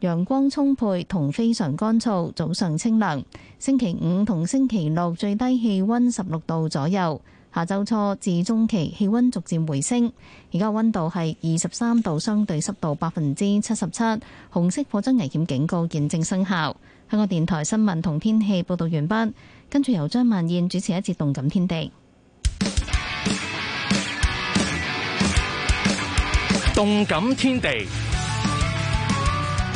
陽光充沛同非常乾燥，早上清涼。星期五同星期六最低氣温十六度左右。下周初至中期，氣溫逐漸回升。而家溫度係二十三度，相對濕度百分之七十七。紅色火災危險警告現正生效。香港電台新聞同天氣報道完畢。跟住由張曼燕主持一節動感天地。動感天地。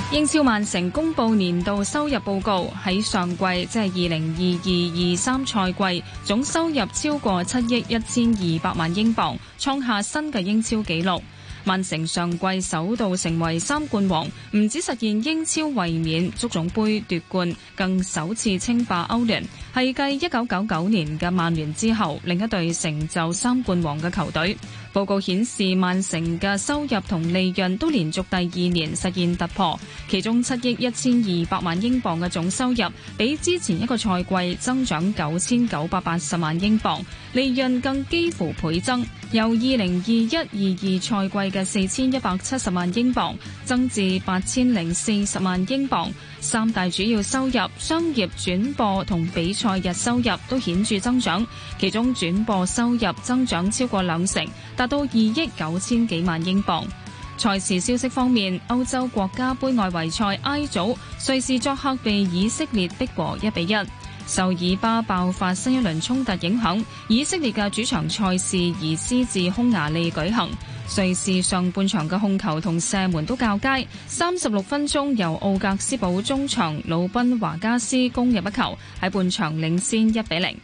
英超曼城公布年度收入報告，喺上季即係二零二二二三賽季，總收入超過七億一千二百萬英鎊，創下新嘅英超紀錄。曼城上季首度成為三冠王，唔止實現英超衛冕、足總盃奪冠，更首次稱霸歐聯。.係繼一九九九年嘅曼聯之後，另一隊成就三冠王嘅球隊。報告顯示，曼城嘅收入同利潤都連續第二年實現突破，其中七億一千二百萬英鎊嘅總收入，比之前一個賽季增長九千九百八十萬英鎊，利潤更幾乎倍增，由二零二一二二賽季嘅四千一百七十萬英鎊，增至八千零四十萬英鎊。三大主要收入，商業轉播同比賽日收入都顯著增長，其中轉播收入增長超過兩成，達到二億九千幾萬英鎊。賽事消息方面，歐洲國家杯外圍賽 I 組，瑞士作客被以色列逼和一比一。受以巴爆發新一輪衝突影響，以色列嘅主場賽事移師至匈牙利舉行。瑞士上半場嘅控球同射門都較佳，三十六分鐘由奧格斯堡中場魯賓華加斯攻入一球，喺半場領先一比零。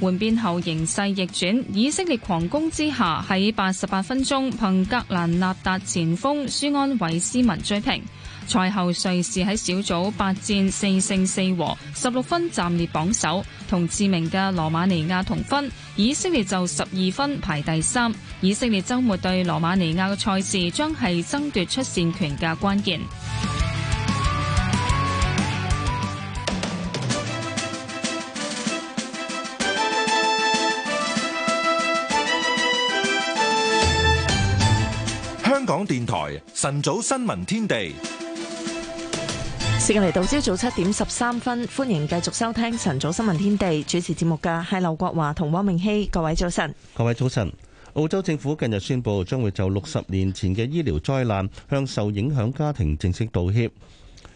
換邊後形勢逆轉，以色列狂攻之下喺八十八分鐘憑格蘭納達前鋒舒安維斯文追平。賽後瑞士喺小組八戰四勝四和，十六分暫列榜首，同知名嘅羅馬尼亞同分。以色列就十二分排第三。以色列周末對羅馬尼亞嘅賽事將，將係爭奪出線權嘅關鍵。香港電台晨早新聞天地。接落嚟，到朝早七點十三分，歡迎繼續收聽晨早新聞天地。主持節目嘅係劉國華同汪明熙，各位早晨。各位早晨。澳洲政府近日宣布，將會就六十年前嘅醫療災難向受影響家庭正式道歉。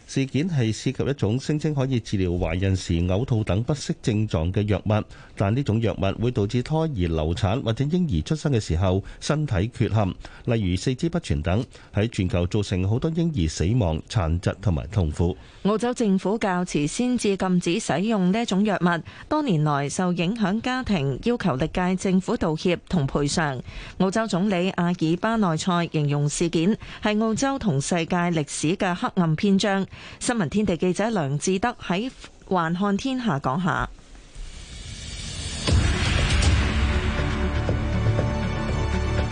事件係涉及一種聲稱可以治療懷孕時嘔吐等不適症狀嘅藥物。但呢種藥物會導致胎兒流產或者嬰兒出生嘅時候身體缺陷，例如四肢不全等，喺全球造成好多嬰兒死亡、殘疾同埋痛苦。澳洲政府較遲先至禁止使用呢種藥物，多年來受影響家庭要求歷屆政府道歉同賠償。澳洲總理阿爾巴內塞形容事件係澳洲同世界歷史嘅黑暗篇章。新聞天地記者梁志德喺環看天下講下。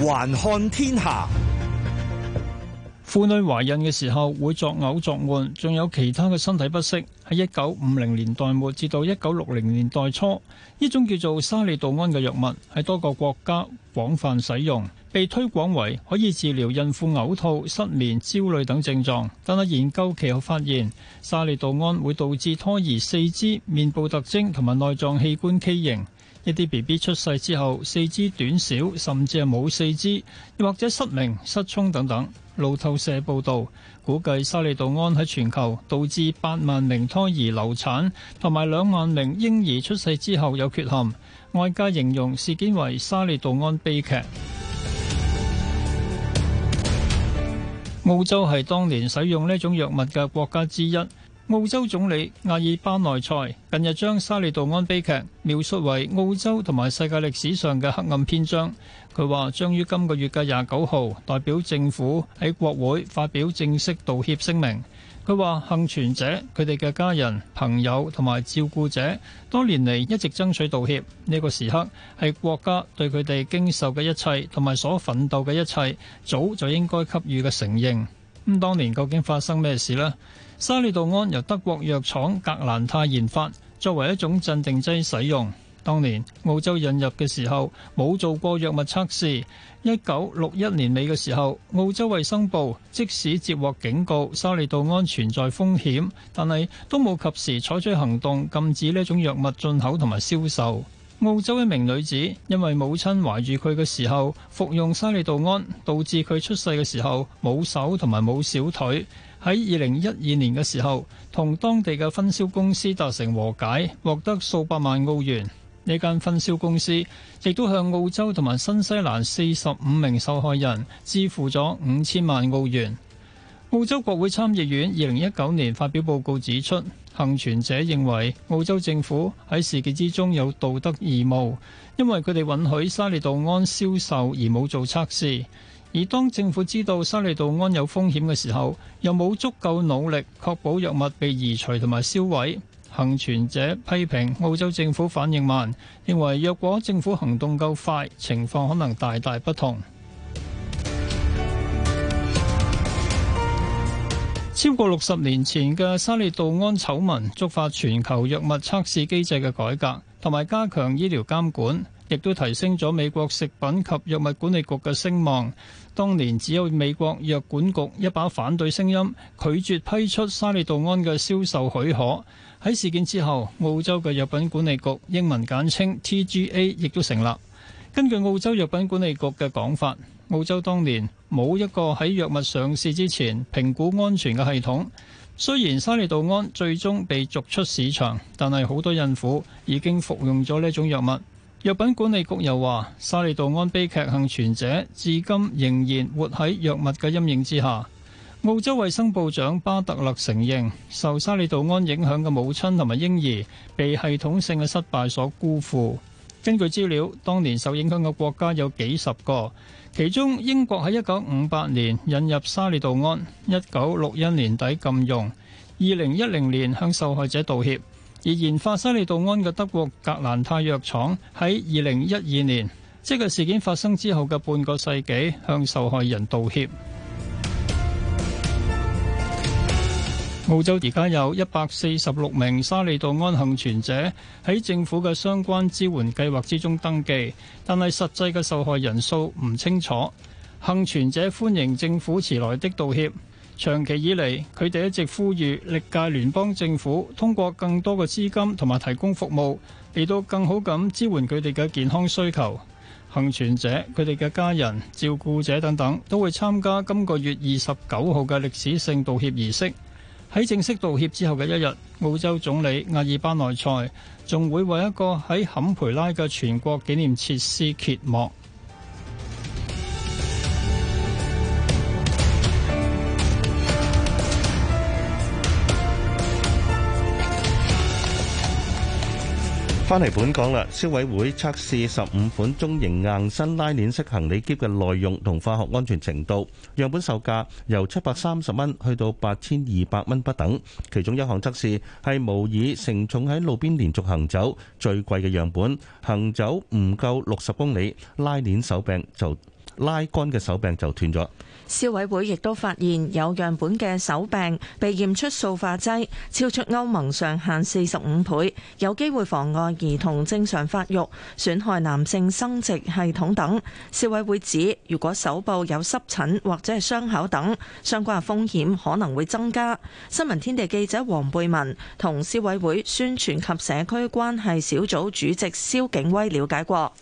還看天下。婦女懷孕嘅時候會作嘔、作悶，仲有其他嘅身體不適。喺一九五零年代末至到一九六零年代初，一種叫做沙利度胺嘅藥物喺多個國家廣泛使用，被推廣為可以治療孕婦嘔吐、失眠、焦慮等症狀。但係研究其後發現，沙利度胺會導致胎兒四肢、面部特徵同埋內臟器官畸形。一啲 B B 出世之後四肢短小，甚至係冇四肢，或者失明、失聰等等。路透社報道，估計沙利度胺喺全球導致八萬名胎兒胎流產，同埋兩萬名嬰兒出世之後有缺陷。外界形容事件為沙利度胺悲劇。澳洲係當年使用呢種藥物嘅國家之一。澳洲總理阿爾巴內塞近日將沙利度胺悲劇描述為澳洲同埋世界歷史上嘅黑暗篇章。佢話將於今個月嘅廿九號代表政府喺國會發表正式道歉聲明。佢話，幸存者、佢哋嘅家人、朋友同埋照顧者多年嚟一直爭取道歉，呢個時刻係國家對佢哋經受嘅一切同埋所奮鬥嘅一切早就應該給予嘅承認。咁當年究竟發生咩事呢？沙利度胺由德國藥廠格蘭泰研發，作為一種鎮定劑使用。當年澳洲引入嘅時候，冇做過藥物測試。一九六一年尾嘅時候，澳洲衛生部即使接獲警告沙利度胺存在風險，但係都冇及時採取行動禁止呢一種藥物進口同埋銷售。澳洲一名女子因為母親懷住佢嘅時候服用沙利度胺，導致佢出世嘅時候冇手同埋冇小腿。喺二零一二年嘅時候，同當地嘅分銷公司達成和解，獲得數百萬澳元。呢間分銷公司亦都向澳洲同埋新西蘭四十五名受害人支付咗五千萬澳元。澳洲國會參議院二零一九年發表報告指出，幸存者認為澳洲政府喺事件之中有道德義務，因為佢哋允許沙利道安銷售而冇做測試。而當政府知道沙利度胺有風險嘅時候，又冇足夠努力確保藥物被移除同埋銷毀，幸存者批評澳洲政府反應慢，認為若果政府行動夠快，情況可能大大不同。超過六十年前嘅沙利度胺醜聞，觸發全球藥物測試機制嘅改革，同埋加強醫療監管。亦都提升咗美國食品及藥物管理局嘅聲望。當年只有美國藥管局一把反對聲音，拒絕批出沙利度胺嘅銷售許可。喺事件之後，澳洲嘅藥品管理局（英文簡稱 TGA） 亦都成立。根據澳洲藥品管理局嘅講法，澳洲當年冇一個喺藥物上市之前評估安全嘅系統。雖然沙利度胺最終被逐出市場，但係好多孕婦已經服用咗呢種藥物。藥品管理局又話，沙利度胺悲劇倖存者至今仍然活喺藥物嘅陰影之下。澳洲衛生部長巴特勒承認，受沙利度胺影響嘅母親同埋嬰兒被系統性嘅失敗所辜負。根據資料，當年受影響嘅國家有幾十個，其中英國喺一九五八年引入沙利度胺，一九六一年底禁用，二零一零年向受害者道歉。而研發沙利度胺嘅德國格蘭泰藥廠喺二零一二年，即係事件發生之後嘅半個世紀，向受害人道歉。 澳洲而家有一百四十六名沙利度胺幸存者喺政府嘅相關支援計劃之中登記，但係實際嘅受害人數唔清楚。幸存者歡迎政府遲來的道歉。長期以來，佢哋一直呼籲歷屆聯邦政府通過更多嘅資金同埋提供服務，嚟到更好咁支援佢哋嘅健康需求。幸存者、佢哋嘅家人、照顧者等等，都會參加今個月二十九號嘅歷史性道歉儀式。喺正式道歉之後嘅一日，澳洲總理亞爾巴內塞仲會為一個喺坎培拉嘅全國紀念設施揭幕。返嚟本港啦，消委會測試十五款中型硬身拉鏈式行李箧嘅耐用同化學安全程度，樣本售價由七百三十蚊去到八千二百蚊不等。其中一項測試係模擬承重喺路邊連續行走，最貴嘅樣本行走唔夠六十公里，拉鏈手柄就拉桿嘅手柄就斷咗。消委會亦都發現有樣本嘅手柄被驗出塑化劑超出歐盟上限四十五倍，有機會妨礙兒童正常發育、損害男性生殖系統等。消委會指，如果手部有濕疹或者係傷口等，相關風險可能會增加。新聞天地記者黃貝文同消委會宣傳及社區關係小組主席蕭景威了解過。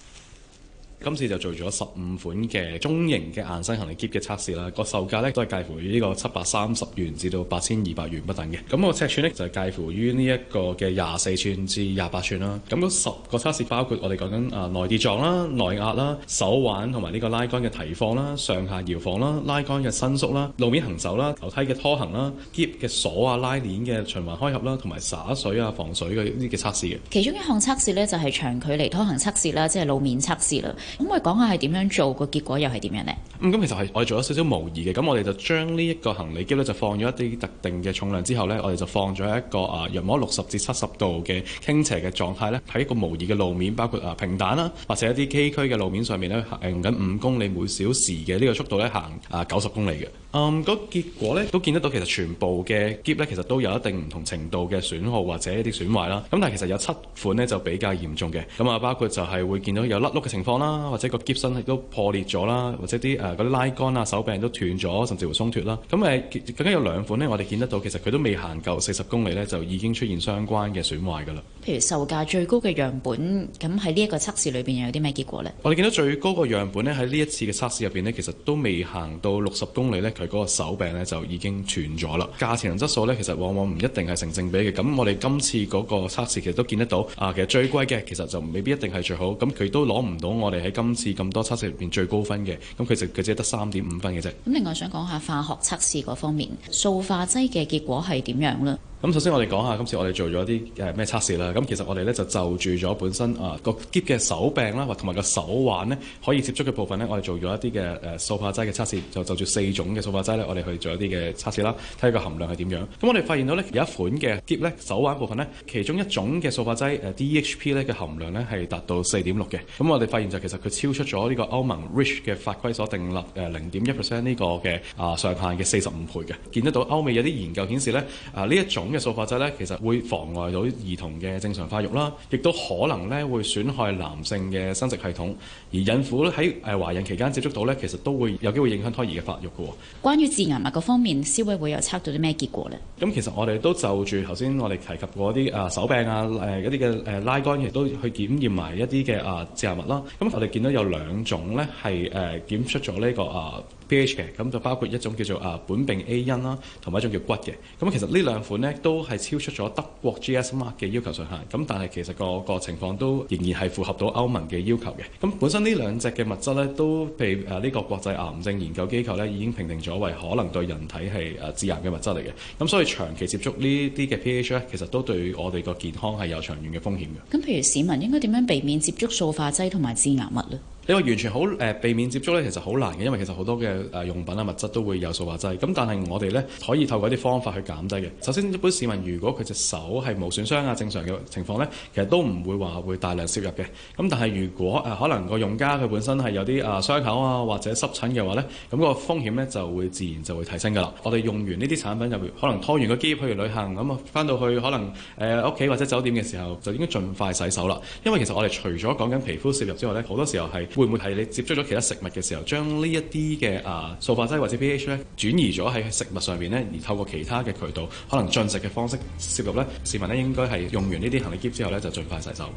今次就做咗十五款嘅中型嘅硬身行李篋嘅測試啦。個售價呢都係介乎於呢個七百三十元至到八千二百元不等嘅。咁、那個尺寸呢，就係介乎於呢一個嘅廿四寸至廿八寸啦。咁嗰十個測試包括我哋講緊啊耐跌撞啦、耐壓啦、手挽同埋呢個拉杆嘅提放啦、上下搖晃啦、拉杆嘅伸縮啦、路面行走啦、樓梯嘅拖行啦、篋嘅鎖啊拉鏈嘅循環開合啦，同埋灑水啊防水嘅呢啲嘅測試嘅。其中一項測試呢，就係、是、長距離拖行測試啦，即係路面測試啦。咁我講下係點樣做，個結果又係點樣呢？咁咁、嗯、其實係我哋做咗少少模擬嘅，咁我哋就將呢一個行李機呢，就放咗一啲特定嘅重量之後呢，我哋就放咗一個啊，約摸六十至七十度嘅傾斜嘅狀態呢，喺個模擬嘅路面，包括啊平坦啦，或者一啲崎嶇嘅路面上面呢，用緊五公里每小時嘅呢、這個速度呢行啊九十公里嘅。嗯，嗰、那個、結果咧都見得到，其實全部嘅篋咧其實都有一定唔同程度嘅損耗或者一啲損壞啦。咁但係其實有七款呢就比較嚴重嘅，咁啊包括就係會見到有甩碌嘅情況啦，或者個篋身亦都破裂咗啦，或者啲誒嗰啲拉桿啊手柄都斷咗，甚至乎鬆脫啦。咁、嗯、誒，更加有兩款呢，我哋見得到其實佢都未行夠四十公里呢，就已經出現相關嘅損壞㗎啦。譬如售價最高嘅樣本，咁喺呢一個測試裏邊又有啲咩結果呢？我哋見到最高個樣本呢，喺呢一次嘅測試入邊呢，其實都未行到六十公里呢，佢嗰個手柄呢就已經斷咗啦。價錢同質素呢，其實往往唔一定係成正比嘅。咁我哋今次嗰個測試其實都見得到，啊，其實最貴嘅其實就未必一定係最好，咁佢都攞唔到我哋喺今次咁多測試入邊最高分嘅，咁其實佢只係得三點五分嘅啫。咁另外想講下化學測試嗰方面，塑化劑嘅結果係點樣呢？咁、嗯、首先我哋講下今次我哋做咗啲誒咩測試啦。咁、呃嗯、其實我哋咧就就住咗本身啊個 Gib 嘅手柄啦，或同埋個手腕呢可以接觸嘅部分呢，我哋做咗一啲嘅誒塑化劑嘅測試，就就住四種嘅塑化劑呢，我哋去做一啲嘅測試啦，睇個含量係點樣。咁、嗯、我哋發現到呢有一款嘅 Gib 呢，手腕部分呢其中一種嘅塑化劑誒、呃、DHP 呢嘅含量呢係達到四點六嘅。咁、嗯、我哋發現就其實佢超出咗呢個歐盟 Rich 嘅法規所訂立誒零點一 percent 呢個嘅啊上限嘅四十五倍嘅。見得到歐美有啲研究顯示咧啊呢一種咁嘅塑化劑咧，其實會妨礙到兒童嘅正常發育啦，亦都可能咧會損害男性嘅生殖系統，而孕婦喺誒懷孕期間接觸到咧，其實都會有機會影響胎兒嘅發育嘅喎。關於致癌物嗰方面，消委會有測到啲咩結果咧？咁其實我哋都就住頭先我哋提及過啲誒手柄啊，誒一啲嘅誒拉桿，亦都去檢驗埋一啲嘅啊致癌物啦。咁、嗯、我哋見到有兩種咧係誒檢出咗呢、這個啊。pH 嘅，咁就包括一種叫做啊苯並 a 因啦，同埋一種叫骨嘅。咁其實呢兩款呢都係超出咗德國 GS Mark 嘅要求上限。咁但係其實個個情況都仍然係符合到歐盟嘅要求嘅。咁本身呢兩隻嘅物質呢，都被誒呢個國際癌症研究機構呢已經評定咗為可能對人體係誒致癌嘅物質嚟嘅。咁所以長期接觸呢啲嘅 pH 呢，其實都對我哋個健康係有長遠嘅風險嘅。咁譬如市民應該點樣避免接觸塑化劑同埋致癌物呢？你話完全好誒、呃、避免接觸呢，其實好難嘅，因為其實好多嘅誒、呃、用品啊、物質都會有塑化劑。咁但係我哋呢，可以透過一啲方法去減低嘅。首先，一般市民如果佢隻手係無損傷啊、正常嘅情況呢，其實都唔會話會大量攝入嘅。咁但係如果誒、呃、可能個用家佢本身係有啲誒、啊、傷口啊或者濕疹嘅話呢，咁個風險呢就會自然就會提升㗎啦。我哋用完呢啲產品入面，可能拖完個機去旅行，咁翻到去可能誒屋企或者酒店嘅時候，就應該盡快洗手啦。因為其實我哋除咗講緊皮膚攝入之外呢，好多時候係會唔會係你接觸咗其他食物嘅時候，將呢一啲嘅啊塑化劑或者 pH 咧轉移咗喺食物上面咧，而透過其他嘅渠道可能進食嘅方式攝入咧？市民咧應該係用完呢啲行李喼之後咧，就盡快洗手。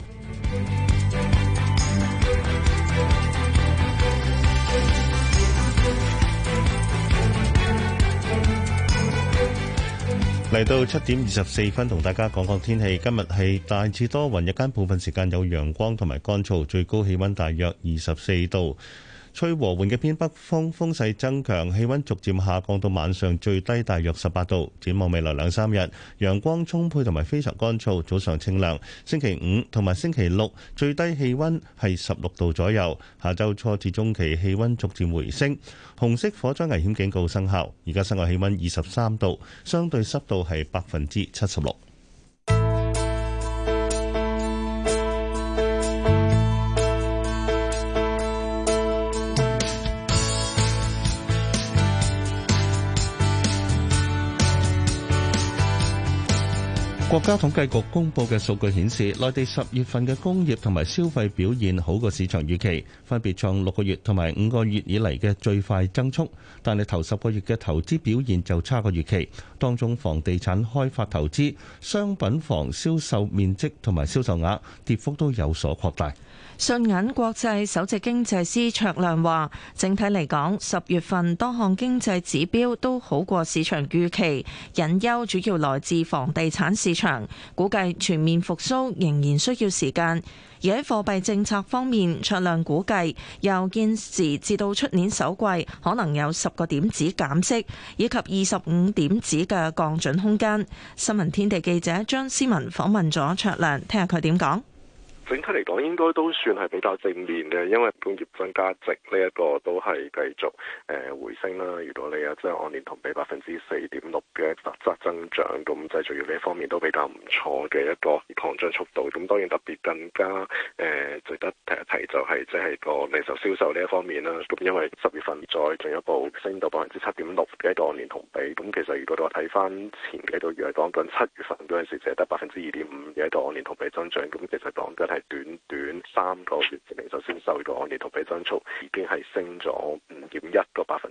嚟到七點二十四分，同大家講講天氣。今日係大致多雲，日間部分時間有陽光同埋乾燥，最高氣溫大約二十四度。吹和緩嘅偏北風，風勢增強，氣溫逐漸下降，到晚上最低大約十八度。展望未來兩三日，陽光充沛同埋非常乾燥，早上清涼。星期五同埋星期六最低氣溫係十六度左右。下週初至中期氣溫逐漸回升。紅色火災危險警告生效。而家室外氣溫二十三度，相對濕度係百分之七十六。國家統計局公布嘅數據顯示，內地十月份嘅工業同埋消費表現好過市場預期，分別創六個月同埋五個月以嚟嘅最快增速。但係頭十個月嘅投資表現就差過預期，當中房地產開發投資、商品房銷售面積同埋銷售額跌幅都有所擴大。信銀國際首席經濟師卓亮話，整體嚟講，十月份多項經濟指標都好過市場預期，隱憂主要來自房地產市場。估計全面復甦仍然需要時間。而喺貨幣政策方面，卓亮估計由現時至到出年首季可能有十個點子減息，以及二十五點子嘅降準空間。新聞天地記者張思文訪問咗卓亮，聽下佢點講。整體嚟講應該都算係比較正面嘅，因為工業增加值呢一個都係繼續誒回升啦。如果你有即係按年同比百分之四點六嘅實質增長，咁製造業呢方面都比較唔錯嘅一個擴張速度。咁當然特別更加誒值、呃、得提一提就係即係個零售銷售呢一方面啦。咁因為十月份再進一步升到百分之七點六嘅一個按年同比，咁其實如果我睇翻前幾個月嚟講，近七月份嗰陣時就得百分之二點五嘅一個按年同比增長，咁其實講緊係。短短三個月之內，首先受到按年同比增速已經係升咗五點一個百分。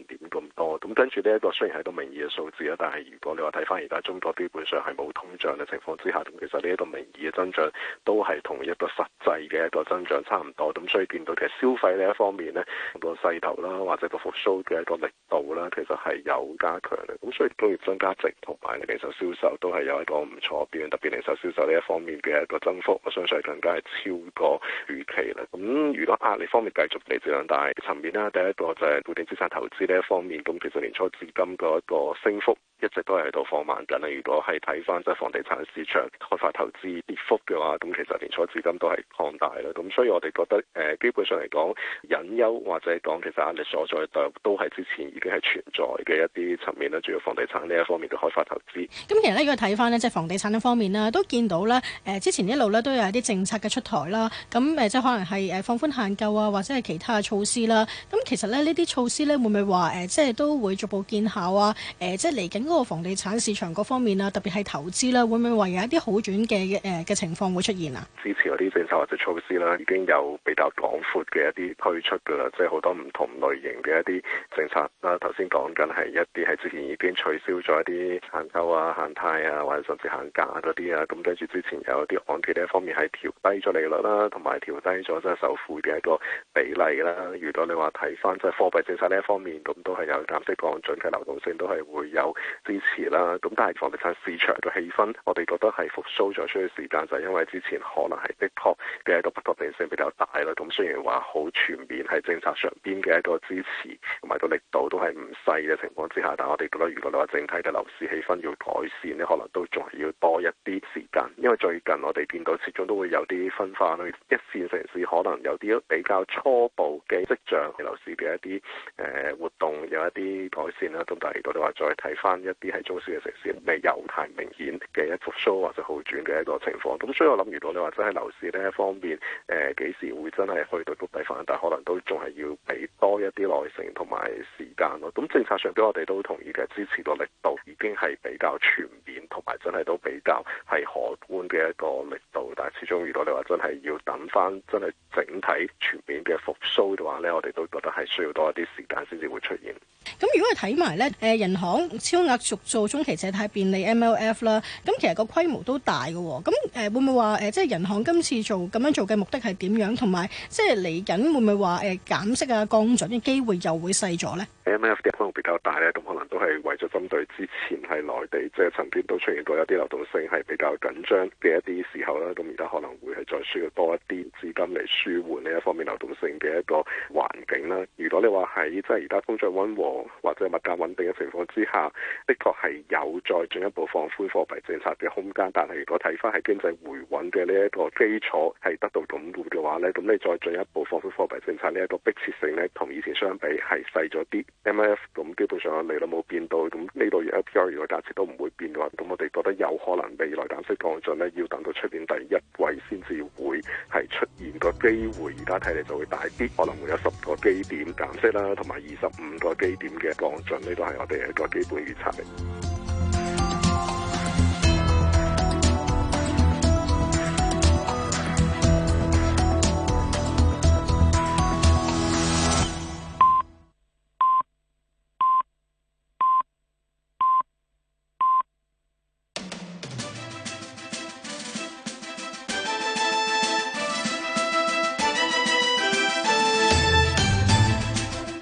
跟住呢一個雖然係個名義嘅數字啦，但係如果你話睇翻而家中國基本上係冇通脹嘅情況之下，咁其實呢一個名義嘅增長都係同一個實際嘅一個增長差唔多。咁所以見到其實消費呢一方面呢，個勢頭啦，或者個復蘇嘅一個力度啦，其實係有加強嘅。咁所以工業增加值同埋零售銷售都係有一個唔錯表現，特別零售銷售呢一方面嘅一個增幅，我相信更加係超過預期啦。咁如果壓力方面繼續嚟自兩大層面啦，第一個就係固定資產投資呢一方面，咁其實年初至今嘅一個升幅。一直都係喺度放慢緊啦。如果係睇翻即係房地產市場開發投資跌幅嘅話，咁其實連初資金都係擴大啦。咁所以我哋覺得誒，基本上嚟講，隱憂或者係講其實壓力所在都都係之前已經係存在嘅一啲層面啦。主要房地產呢一方面嘅開發投資。咁其實呢，如果睇翻咧即係房地產呢方面啦，都見到咧誒，之前一路呢，都有一啲政策嘅出台啦。咁誒，即係可能係誒放寬限購啊，或者係其他嘅措施啦。咁其實呢，呢啲措施呢，會唔會話誒，即係都會逐步見效啊？誒，即係嚟緊。嗰個房地產市場嗰方面啊，特別係投資啦，會唔會話有一啲好轉嘅誒嘅情況會出現啊？支持嗰啲政策或者措施啦，已經有比較廣闊嘅一啲推出噶啦，即係好多唔同類型嘅一啲政策啦。頭先講緊係一啲係之前已經取消咗一啲限購啊、限貸啊，或者甚至限價嗰啲啊。咁跟住之前又有啲按揭呢一方面係調低咗利率啦，同埋調低咗即係首付嘅一個比例啦。如果你話睇翻即係貨幣政策呢一方面，咁都係有減息降準嘅流動性都係會有支持啦，咁但係房地產市場嘅氣氛，我哋覺得係復甦咗。需要時間就係、是，因為之前可能係的確嘅一個不確定性比較大啦。咁雖然話好全面係政策上邊嘅一個支持同埋個力度都係唔細嘅情況之下，但係我哋覺得如果你話整體嘅樓市氣氛要改善咧，可能都仲係要多一啲時間，因為最近我哋見到始終都會有啲分化咯。一線城市可能有啲比較初步嘅跡象，樓市嘅一啲誒、呃、活動有一啲改善啦。咁但係如果你話再睇翻一啲係中小嘅城市未有太明顯嘅一復甦或者好轉嘅一個情況，咁所以我諗，如果你話真係樓市呢一方面，誒幾時會真係去到谷底反彈，可能都仲係要俾多一啲耐性同埋時間咯。咁政策上邊我哋都同意嘅，支持嘅力度已經係比較全面，同埋真係都比較係可觀嘅一個力度。但係始終，如果你話真係要等翻真係整體全面嘅復甦嘅話咧，我哋都覺得係需要多一啲時間先至會出現。咁如果係睇埋咧，誒銀行超額續做中期借貸便利 M L F 啦，咁其實個規模都大嘅喎，咁誒會唔會話誒即係銀行今次做咁樣做嘅目的係點樣？同埋即係嚟緊會唔會話誒減息啊降準嘅機會又會細咗咧？M L F 啲規模比較大咧，咁可能都係為咗針對之前係內地即係曾經都出現過有啲流動性係比較緊張嘅一啲時候啦，咁而家可能會係再輸多一啲資金嚟舒緩呢一方面流動性嘅一個環境啦。如果你話喺即係而家經濟溫和或者物價穩定嘅情況之下，的確係有再進一步放寬貨幣政策嘅空間，但係如果睇翻係經濟回穩嘅呢一個基礎係得到鞏固嘅話咧，咁你再進一步放寬貨幣政策呢一個迫切性咧，同以前相比係細咗啲。MLF 咁基本上利率冇變到，咁呢度月 L P R 如果價值都唔會變嘅話，咁我哋覺得有可能未來減息降準咧，要等到出邊第一位先至會係出現個機會。而家睇嚟就會大啲，可能會有十個基點減息啦，同埋二十五個基點嘅降準，呢個係我哋一個基本預測。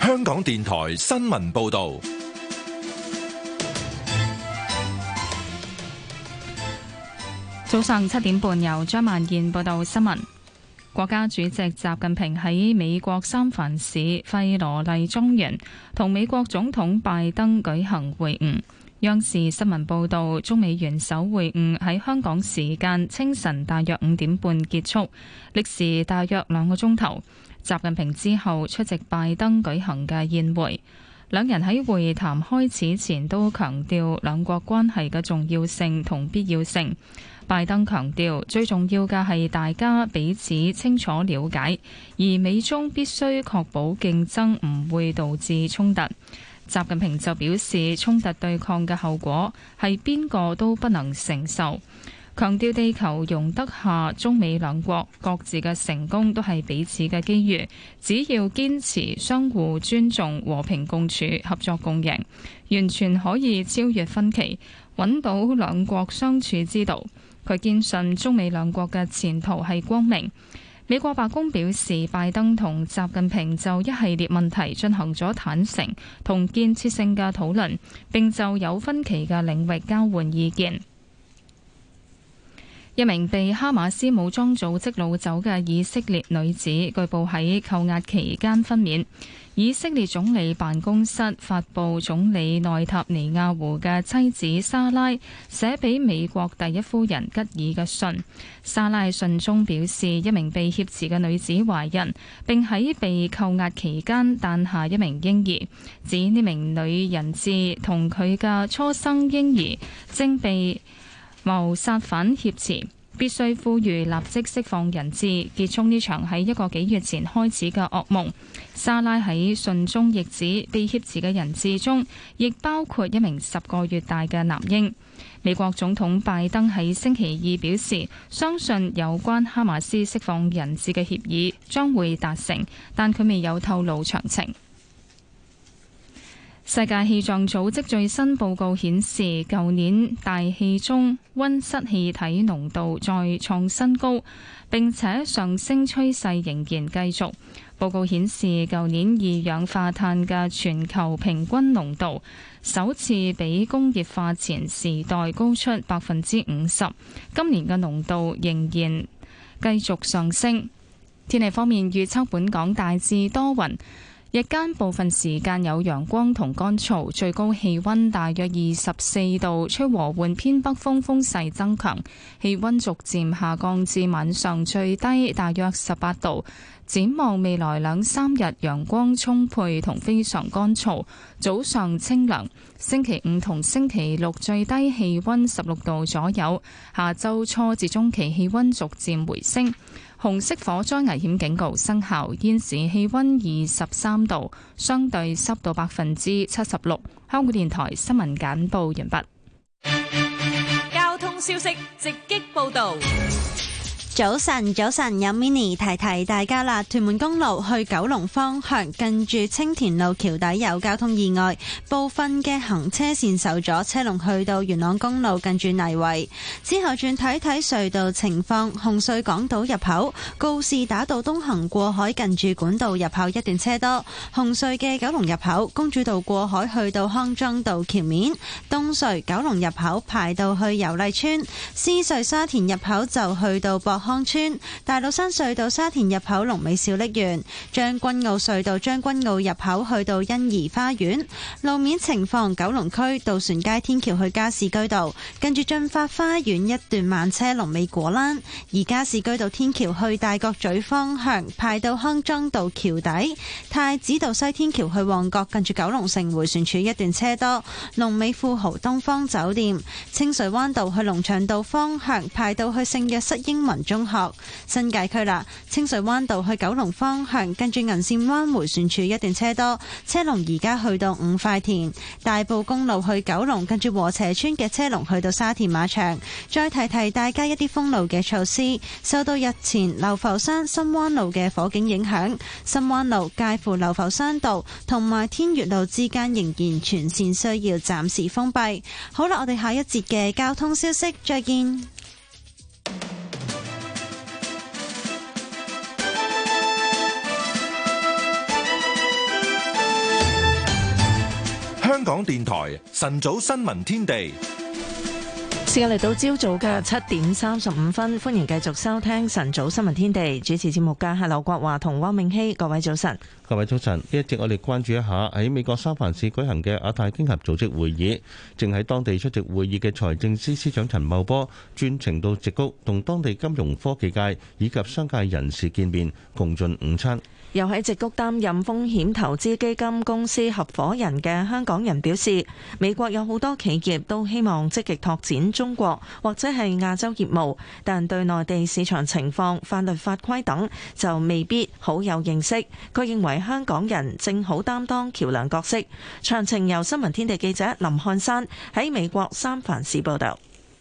香港電台新聞報道。早上七點半，由張萬燕報道新聞。國家主席習近平喺美國三藩市費羅麗莊園同美國總統拜登舉行會晤。央視新聞報道，中美元首會晤喺香港時間清晨大約五點半結束，歷時大約兩個鐘頭。習近平之後出席拜登舉行嘅宴會，兩人喺會談開始前都強調兩國關係嘅重要性同必要性。拜登強調，最重要嘅係大家彼此清楚了解，而美中必須確保競爭唔會導致衝突。習近平就表示，衝突對抗嘅後果係邊個都不能承受，強調地球容得下中美兩國各自嘅成功，都係彼此嘅機遇。只要堅持相互尊重、和平共處、合作共贏，完全可以超越分歧，揾到兩國相處之道。佢堅信中美兩國嘅前途係光明。美國白宮表示，拜登同習近平就一系列問題進行咗坦誠同建設性嘅討論，並就有分歧嘅領域交換意見。一名被哈馬斯武裝組織擄走嘅以色列女子，據報喺扣押期間分娩。以色列總理辦公室發布總理內塔尼亞胡嘅妻子莎拉寫俾美國第一夫人吉爾嘅信。莎拉信中表示，一名被挾持嘅女子懷孕，並喺被扣押期間誕下一名嬰兒，指呢名女人質同佢嘅初生嬰兒正被謀殺犯挾持。必須呼籲立即釋放人質，結束呢場喺一個幾月前開始嘅噩夢。沙拉喺信中亦指，被挾持嘅人質中，亦包括一名十個月大嘅男嬰。美國總統拜登喺星期二表示，相信有關哈馬斯釋放人質嘅協議將會達成，但佢未有透露詳情。世界氣象組織最新報告顯示，舊年大氣中溫室氣體濃度再創新高，並且上升趨勢仍然繼續。報告顯示，舊年二氧化碳嘅全球平均濃度首次比工業化前時代高出百分之五十，今年嘅濃度仍然繼續上升。天氣方面預測，本港大致多雲。日間部分時間有陽光同乾燥，最高氣溫大約二十四度，吹和緩偏北風，風勢，風勢增強，氣溫逐漸下降至晚上最低大約十八度。展望未來兩三日，陽光充沛同非常乾燥，早上清涼。星期五同星期六最低氣溫十六度左右，下周初至中期氣溫逐漸回升。紅色火災危險警告生效，現時氣温二十三度，相對濕度百分之七十六。香港電台新聞簡報完畢。交通消息直擊報道。早晨，早晨，有 mini 提提大家啦。屯門公路去九龍方向，近住青田路橋底有交通意外，部分嘅行車線受阻，車龍去到元朗公路近住泥圍。之後轉睇睇隧道情況，紅隧港島入口告士打道東行過海，近住管道入口一段車多。紅隧嘅九龍入口公主道過海去到康莊道橋面，東隧九龍入口排到去油麗邨，獅隧沙田入口就去到博。康村、大老山隧道沙田入口、龍尾小瀝園、將軍澳隧道將軍澳入口去到欣怡花園路面情況，九龍區渡船街天橋去加士居道，跟住駿發花園一段慢車，龍尾果欄；而加士居道天橋去大角咀方向排到康莊道橋底，太子道西天橋去旺角近住九龍城回旋處一段車多，龍尾富豪東方酒店，清水灣道去龍翔道方向排到去聖約瑟英文中。中學新界區啦，清水灣道去九龍方向，跟住銀綫灣回旋處一段車多，車龍而家去到五塊田，大埔公路去九龍，跟住和斜村嘅車龍去到沙田馬場。再提提大家一啲封路嘅措施，受到日前流浮山深灣路嘅火警影響，深灣路介乎流浮山道同埋天悅路之間仍然全線需要暫時封閉。好啦，我哋下一節嘅交通消息再見。香港電台晨早新聞天地，時間嚟到朝早嘅七點三十五分，歡迎繼續收聽晨早新聞天地，主持節目嘅係劉國華同汪明熙，各位早晨，各位早晨。呢一節我哋關注一下喺美國三藩市舉行嘅亞太經合組織會議，正喺當地出席會議嘅財政司司長陳茂波專程到直谷，同當地金融科技界以及商界人士見面，共進午餐。又喺直谷擔任風險投資基金公司合夥人嘅香港人表示，美國有好多企業都希望積極拓展中國或者係亞洲業務，但對內地市場情況、法律法規等就未必好有認識。佢認為香港人正好擔當橋梁角色。詳情由新聞天地記者林漢山喺美國三藩市報道。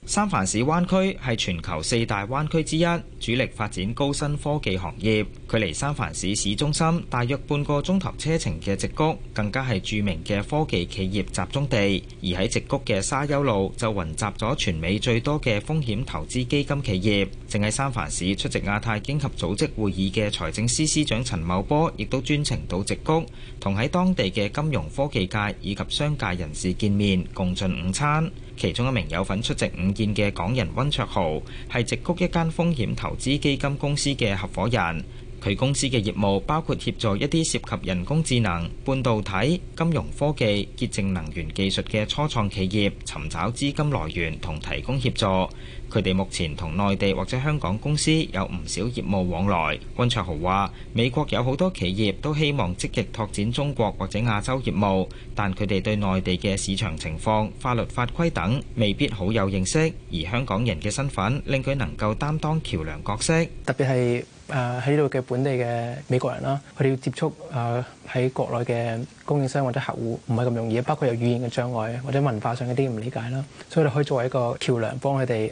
三藩市灣區係全球四大灣區之一，主力發展高新科技行業。距離三藩市市中心大約半個鐘頭車程嘅直谷，更加係著名嘅科技企業集中地。而喺直谷嘅沙丘路就雲集咗全美最多嘅風險投資基金企業，正喺三藩市出席亞太經合組織會議嘅財政司司長陳茂波，亦都專程到直谷同喺當地嘅金融科技界以及商界人士見面，共進午餐。其中一名有份出席午宴嘅港人温卓豪，係直谷一間風險投資基金公司嘅合夥人。佢公司嘅業務包括協助一啲涉及人工智能、半導體、金融科技、潔淨能源技術嘅初創企業尋找資金來源同提供協助。佢哋目前同內地或者香港公司有唔少業務往來。温卓豪話：美國有好多企業都希望積極拓展中國或者亞洲業務，但佢哋對內地嘅市場情況、法律法規等未必好有認識，而香港人嘅身份令佢能夠擔當橋梁角色。特別係誒喺呢度嘅本地嘅美國人啦，佢哋要接觸誒。喺國內嘅供應商或者客戶唔係咁容易，包括有語言嘅障礙或者文化上一啲唔理解啦，所以你可以作為一個橋樑幫佢哋誒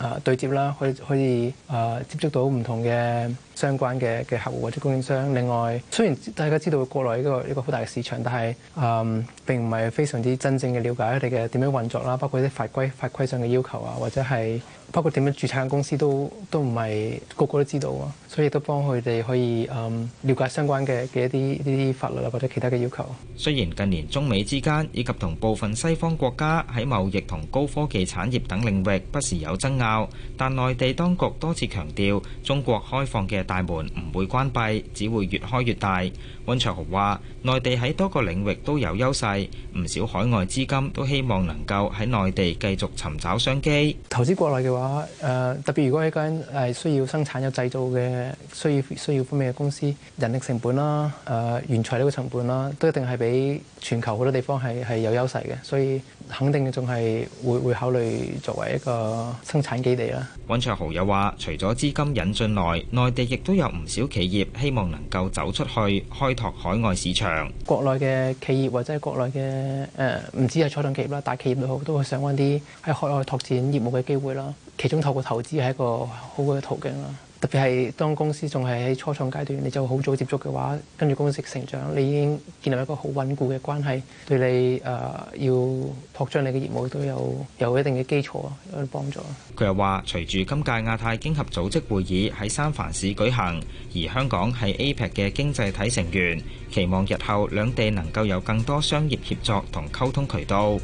誒對接啦，可以可以誒接觸到唔同嘅相關嘅嘅客戶或者供應商。另外雖然大家知道國內呢個呢個好大嘅市場，但係誒、呃、並唔係非常之真正嘅了解佢哋嘅點樣運作啦，包括啲法規法規上嘅要求啊，或者係包括點樣註冊嘅公司都都唔係個個都知道啊，所以都幫佢哋可以誒、呃、了解相關嘅嘅一啲呢啲。法律啦，或者其他嘅要求。雖然近年中美之間以及同部分西方國家喺貿易同高科技產業等領域不時有爭拗，但內地當局多次強調，中國開放嘅大門唔會關閉，只會越開越大。温卓豪話：內地喺多個領域都有優勢，唔少海外資金都希望能夠喺內地繼續尋找商機。投資國內嘅話，誒特別如果一間誒需要生產有製造嘅需要需要方面嘅公司，人力成本啦，誒完。材料嘅成本啦，都一定係比全球好多地方係係有優勢嘅，所以肯定仲係會會考慮作為一個生產基地啦。温卓豪又話，除咗資金引進來，內地亦都有唔少企業希望能夠走出去開拓海外市場。國內嘅企業或者係國內嘅誒唔止係初創企業啦，大企業都好都會想揾啲喺海外拓展業務嘅機會啦。其中透過投資係一個好嘅途徑啦。特別係當公司仲係喺初創階段，你就好早接觸嘅話，跟住公司成長，你已經建立一個好穩固嘅關係，對你誒、呃、要擴張你嘅業務都有有一定嘅基礎啊，有幫助啊。佢又話，隨住今屆亞太經合組織會議喺三藩市舉行，而香港係 APEC 嘅經濟體成員，期望日後兩地能夠有更多商業協作同溝通渠道。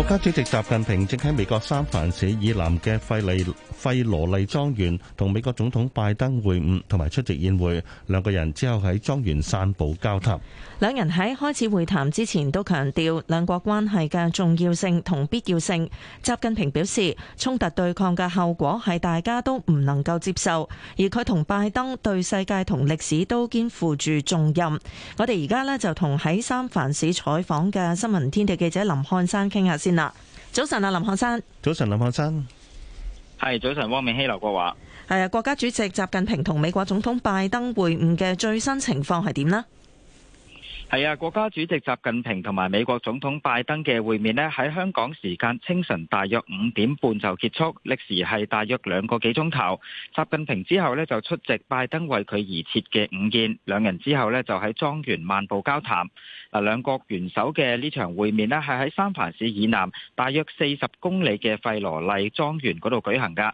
國家主席習近平正喺美國三藩市以南嘅費利費羅利莊園同美國總統拜登會晤，同埋出席宴會。兩個人之後喺莊園散步交談。兩人喺開始會談之前都強調兩國關係嘅重要性同必要性。習近平表示，衝突對抗嘅後果係大家都唔能夠接受，而佢同拜登對世界同歷史都肩負住重任。我哋而家呢，就同喺三藩市採訪嘅新聞天地記者林漢山傾下早晨啊，林漢山，早晨林漢山，係早晨，汪明希劉國華，係啊，國家主席習近平同美國總統拜登會晤嘅最新情況係點呢？係啊，國家主席習近平同埋美國總統拜登嘅會面呢，喺香港時間清晨大約五點半就結束，歷時係大約兩個幾鐘頭。習近平之後呢，就出席拜登為佢而設嘅午宴，兩人之後呢，就喺莊園漫步交談。嗱，兩國元首嘅呢場會面呢，係喺三藩市以南大約四十公里嘅費羅麗莊園嗰度舉行噶。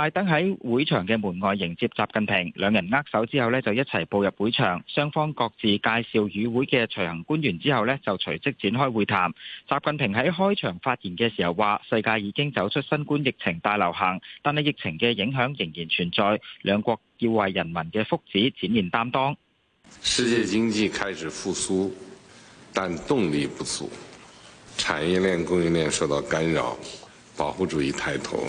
拜登喺會場嘅門外迎接習近平，兩人握手之後呢，就一齊步入會場，雙方各自介紹與會嘅隨行官員之後呢，就隨即展開會談。習近平喺開場發言嘅時候話：世界已經走出新冠疫情大流行，但係疫情嘅影響仍然存在，兩國要為人民嘅福祉展現擔當。世界經濟開始復甦，但動力不足，產業鏈供應鏈受到干擾，保護主義抬頭。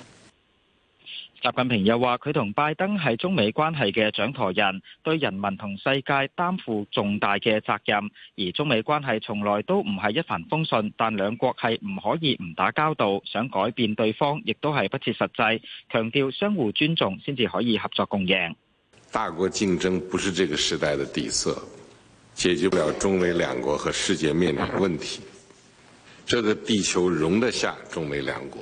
習近平又話：佢同拜登係中美關係嘅掌舵人，對人民同世界擔負重大嘅責任。而中美關係從來都唔係一帆風順，但兩國係唔可以唔打交道。想改變對方，亦都係不切實際。強調相互尊重，先至可以合作共贏。大國競爭不是這個時代嘅底色，解決不了中美兩國和世界面臨嘅問題。這個地球容得下中美兩國。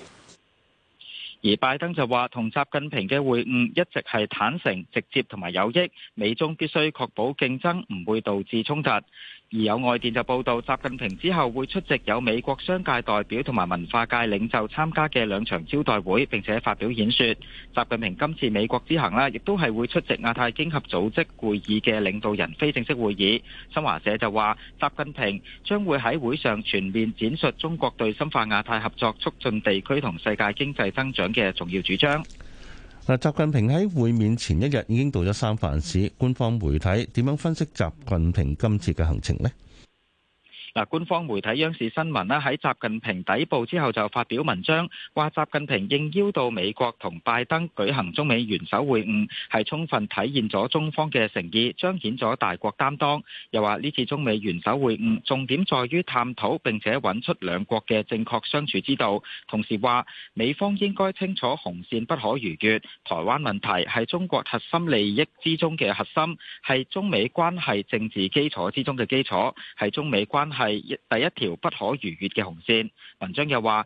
而拜登就話，同習近平嘅會晤一直係坦誠、直接同埋有益。美中必須確保競爭，唔會導致衝突。而有外電就報道，習近平之後會出席有美國商界代表同埋文化界領袖參加嘅兩場招待會，並且發表演說。習近平今次美國之行咧，亦都係會出席亞太經合組織會議嘅領導人非正式會議。新華社就話，習近平將會喺會上全面展述中國對深化亞太合作、促進地區同世界經濟增長嘅重要主張。嗱，習近平喺會面前一日已經到咗三藩市，官方媒體點樣分析習近平今次嘅行程呢？嗱，官方媒體央視新聞啦，喺習近平抵埗之後就發表文章，話習近平應邀到美國同拜登舉行中美元首會晤，係充分體現咗中方嘅誠意，彰顯咗大國擔當。又話呢次中美元首會晤重點在於探討並且揾出兩國嘅正確相處之道。同時話美方應該清楚紅線不可逾越，台灣問題係中國核心利益之中嘅核心，係中美關係政治基礎之中嘅基礎，係中美關係，係第一條不可逾越嘅紅線。文章又話，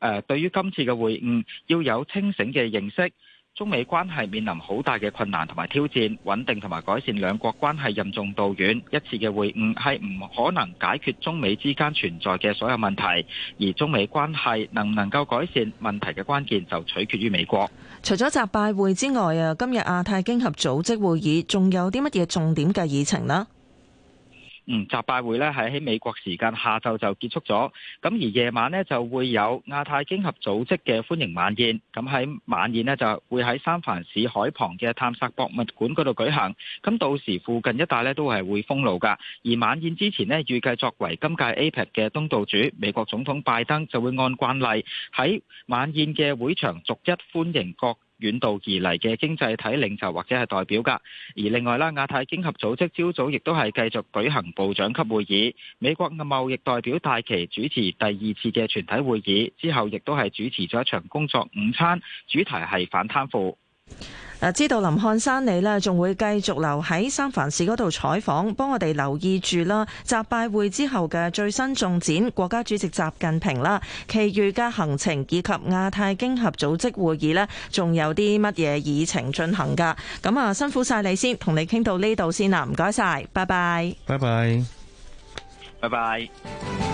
誒，對於今次嘅會晤，要有清醒嘅認識。中美關係面臨好大嘅困難同埋挑戰，穩定同埋改善兩國關係任重道遠。一次嘅會晤係唔可能解決中美之間存在嘅所有問題。而中美關係能唔能夠改善，問題嘅關鍵就取決於美國。除咗習拜會之外啊，今日亞太經合組織會議仲有啲乜嘢重點嘅議程呢？嗯，集拜會咧係喺美國時間下晝就結束咗，咁而夜晚咧就會有亞太經合組織嘅歡迎晚宴，咁喺晚宴咧就會喺三藩市海旁嘅探索博物館嗰度舉行，咁到時附近一帶咧都係會封路噶，而晚宴之前咧預計作為今屆 APEC 嘅東道主，美國總統拜登就會按慣例喺晚宴嘅會場逐一歡迎各。遠道而嚟嘅經濟體領袖或者係代表噶，而另外啦，亞太經合組織朝早亦都係繼續舉行部長級會議。美國貿易代表戴琪主持第二次嘅全體會議，之後亦都係主持咗一場工作午餐，主題係反貪腐。知道林漢山，你呢仲會繼續留喺三藩市嗰度採訪，幫我哋留意住啦。習拜會之後嘅最新進展，國家主席習近平啦，其餘嘅行程以及亞太經合組織會議呢，仲有啲乜嘢議程進行㗎？咁啊，辛苦晒你先，你先，同你傾到呢度先啦，唔該晒，拜拜，拜拜，拜拜。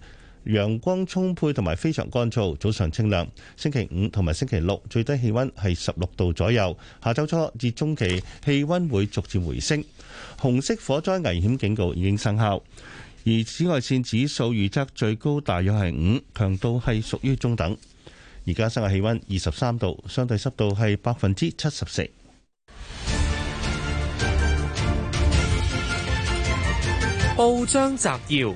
陽光充沛同埋非常乾燥，早上清涼。星期五同埋星期六最低氣溫係十六度左右。下周初至中期氣溫會逐漸回升。紅色火災危險警告已經生效，而紫外線指數預測最高大約係五，強度係屬於中等。而家室外氣溫二十三度，相對濕度係百分之七十四。報章摘要。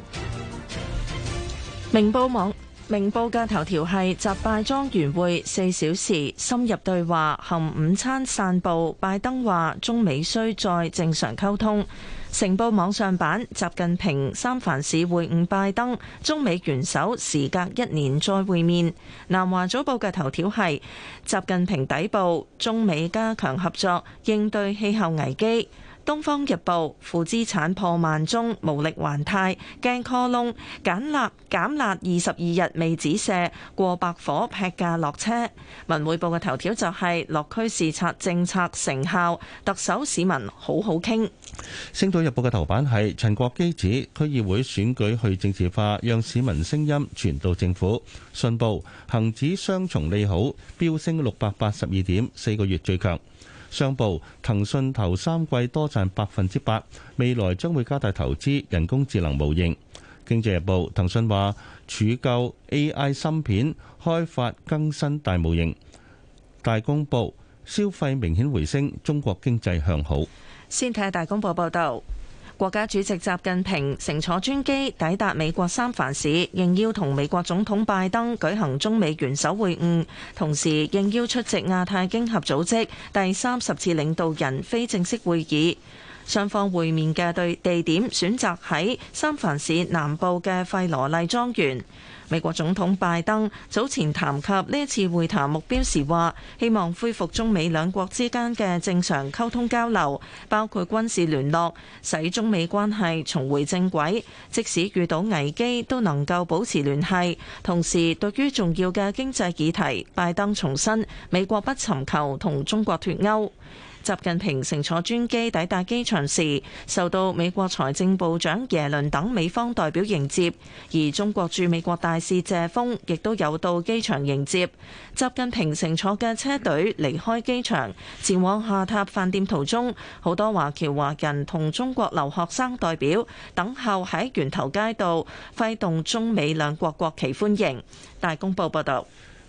明報網，明報嘅頭條係：習拜莊園會四小時深入對話，含午餐散步。拜登話中美需再正常溝通。成報網上版，習近平三藩市會晤拜登，中美元首時隔一年再會面。南華早報嘅頭條係：習近平底部中美加強合作應對氣候危機。《東方日報》負資產破萬宗，無力還貸；驚 call 窿簡立減辣，二十二日未止瀉，過百火劈價落車。文匯就是《文匯報》嘅頭條就係落區視察政策成效，特首市民好好傾。《星島日報》嘅頭版係陳國基指區議會選舉去政治化，讓市民聲音傳到政府。信報恒指雙重利好，飆升六百八十二點，四個月最強。商報：騰訊頭三季多賺百分之八，未來將會加大投資人工智能模型。經濟日報：騰訊話儲夠 AI 芯片，開發更新大模型。大公報：消費明顯回升，中國經濟向好。先睇下大公報報導。國家主席習近平乘坐專機抵達美國三藩市，應邀同美國總統拜登舉行中美元首會晤，同時應邀出席亞太經合組織第三十次領導人非正式會議。雙方會面嘅對地點選擇喺三藩市南部嘅費羅麗莊園。美國總統拜登早前談及呢次會談目標時，話希望恢復中美兩國之間嘅正常溝通交流，包括軍事聯絡，使中美關係重回正軌。即使遇到危機，都能夠保持聯繫。同時，對於重要嘅經濟議題，拜登重申美國不尋求同中國脫鉤。習近平乘坐專機抵達機場時，受到美國財政部長耶倫等美方代表迎接，而中國駐美國大使謝鋒亦都有到機場迎接。習近平乘坐嘅車隊離開機場，前往下榻飯店途中，好多華僑華人同中國留學生代表等候喺源頭街道，揮動中美兩國國旗歡迎。大公報報道。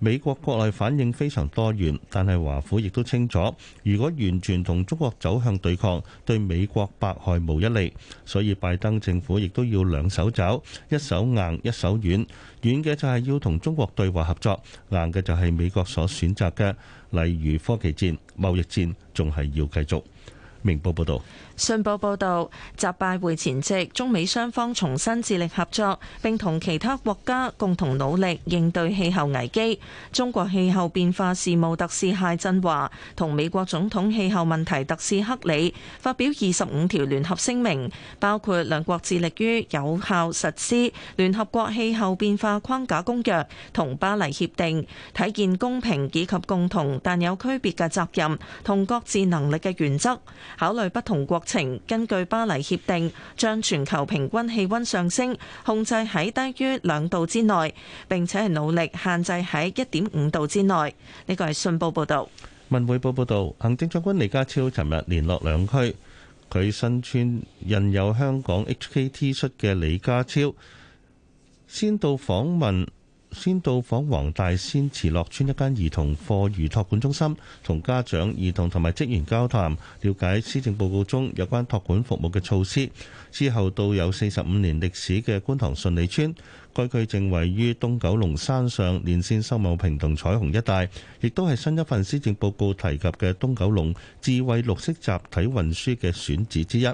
美國國內反應非常多元，但係華府亦都清楚，如果完全同中國走向對抗，對美國百害無一利。所以拜登政府亦都要兩手走，一手硬，一手軟。軟嘅就係要同中國對話合作，硬嘅就係美國所選擇嘅，例如科技戰、貿易戰，仲係要繼續。明報報導。信報報導，習拜會前夕，中美雙方重申致力合作，並同其他國家共同努力應對氣候危機。中國氣候變化事務特使謝振華同美國總統氣候問題特使克里發表二十五條聯合聲明，包括兩國致力於有效實施聯合國氣候變化框架公約同巴黎協定，體現公平以及共同但有區別嘅責任同各自能力嘅原則，考慮不同國情根據巴黎協定，將全球平均氣温上升控制喺低於兩度之內，並且係努力限制喺一點五度之內。呢個係信報報導。文匯報報導，行政長官李家超尋日聯絡兩區，佢身穿印有香港 HKT 恤嘅李家超，先到訪問。先到訪黃大仙慈樂村一間兒童課餘託管中心，同家長、兒童同埋職員交談，了解施政報告中有關託管服務嘅措施。之後到有四十五年歷史嘅觀塘順利村，該區正位於東九龍山上連線秀茂坪同彩虹一帶，亦都係新一份施政報告提及嘅東九龍智慧綠色集體運輸嘅選址之一。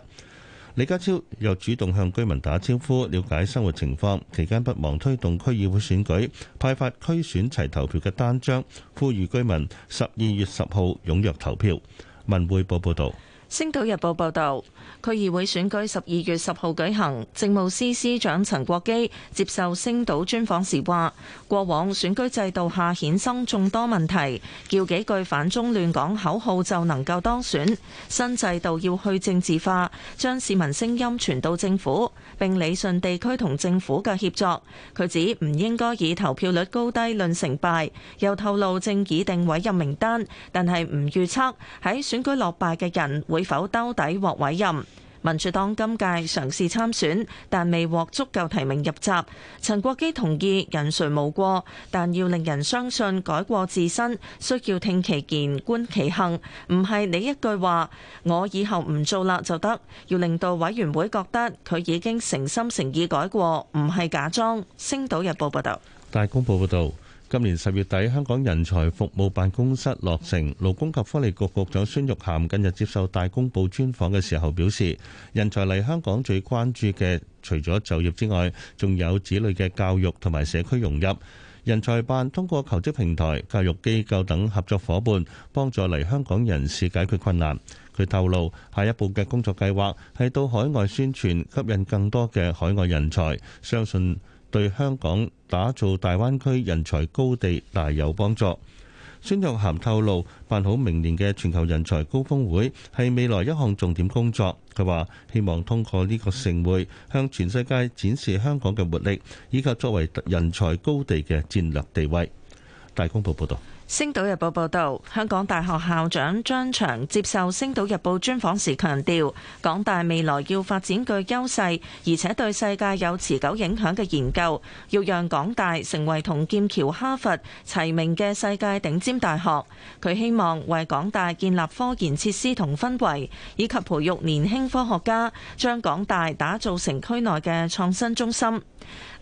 李家超又主動向居民打招呼，了解生活情況，期間不忘推動區議會選舉，派發區選齊投票嘅單張，呼籲居民十二月十號踴躍投票。文匯報報道。《星島日報》報導，區議會選舉十二月十號舉行。政務司司長陳國基接受《星島》專訪時話，過往選舉制度下衍生眾多問題，叫幾句反中亂港口號就能夠當選。新制度要去政治化，將市民聲音傳到政府，並理順地區同政府嘅協作。佢指唔應該以投票率高低論成敗。又透露正擬定委任名單，但係唔預測喺選舉落敗嘅人會否兜底獲委任。民主黨今屆嘗試參選，但未獲足夠提名入閘。陳國基同意人誰無過，但要令人相信改過自身，需要聽其言、觀其行，唔係你一句話，我以後唔做啦就得。要令到委員會覺得佢已經誠心誠意改過，唔係假裝。星島日報報道，大公報報道。今年十月底，香港人才服務辦公室落成，勞工及福利局局長孫玉菡近日接受大公報專訪嘅時候表示，人才嚟香港最關注嘅，除咗就業之外，仲有子女嘅教育同埋社區融入。人才辦通過求職平台、教育機構等合作夥伴，幫助嚟香港人士解決困難。佢透露，下一步嘅工作計劃係到海外宣傳，吸引更多嘅海外人才。相信。對香港打造大灣區人才高地大有幫助。孫玉菡透露，辦好明年嘅全球人才高峰會係未來一項重點工作。佢話：希望通過呢個盛會，向全世界展示香港嘅活力，以及作為人才高地嘅戰略地位。大公報報道。《星島日報》報導，香港大學校長張翔接受《星島日報》專訪時強調，港大未來要發展具優勢，而且對世界有持久影響嘅研究，要讓港大成為同劍橋、哈佛齊名嘅世界頂尖大學。佢希望為港大建立科研設施同氛圍，以及培育年輕科學家，將港大打造成區內嘅創新中心。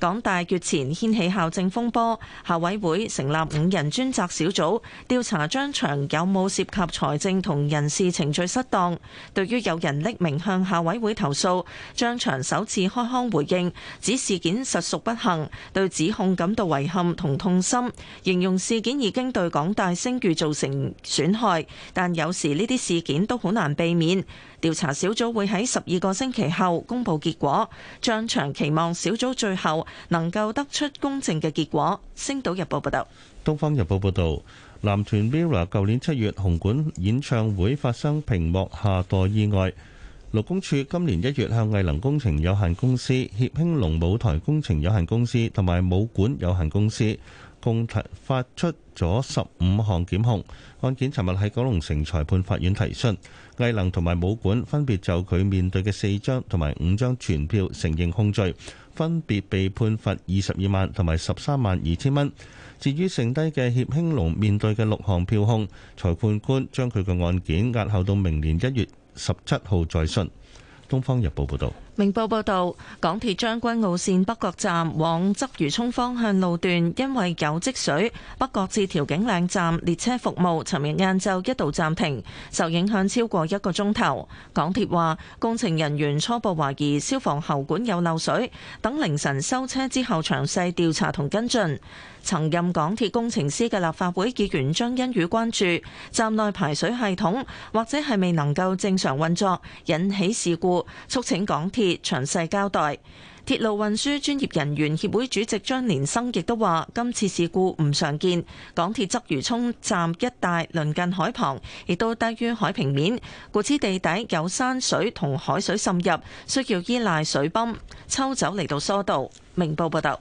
港大月前掀起校政風波，校委會成立五人專責小組調查張翔有冇涉及財政同人事程序失當。對於有人匿名向校委會投訴，張翔首次開腔回應，指事件實屬不幸，對指控感到遺憾同痛心，形容事件已經對港大聲譽造成損害，但有時呢啲事件都好難避免。調查小組會喺十二個星期後公佈結果，張祥期望小組最後能夠得出公正嘅結果。星島日報報導，東方日報報導，男團 MIRROR 舊年七月紅館演唱會發生屏幕下墮意外，勞工處今年一月向藝能工程有限公司、協興龍舞台工程有限公司同埋舞館有限公司共發出咗十五項檢控。案件尋日喺九龍城裁判法院提訊，藝能同埋武館分別就佢面對嘅四張同埋五張傳票承認控罪，分別被判罰二十二萬同埋十三萬二千蚊。至於剩低嘅協興龍面對嘅六項票控，裁判官將佢嘅案件押後到明年一月十七號再訊。《東方日報》報道。明報報導，港鐵將軍澳線北角站往鰂魚湧方向路段因為有積水，北角至調景嶺站列車服務尋日晏晝一度暫停，受影響超過一個鐘頭。港鐵話，工程人員初步懷疑消防喉管有漏水，等凌晨收車之後詳細調查同跟進。曾任港鐵工程師嘅立法會議員張欣宇關注站內排水系統或者係未能夠正常運作，引起事故，促請港鐵。詳細交代。鐵路運輸專業人員協會主席張連生亦都話，今次事故唔常見。港鐵鰂魚涌站一帶鄰近海旁，亦都低於海平面，故此地底有山水同海水滲入，需要依賴水泵抽走嚟到疏導。明報報道。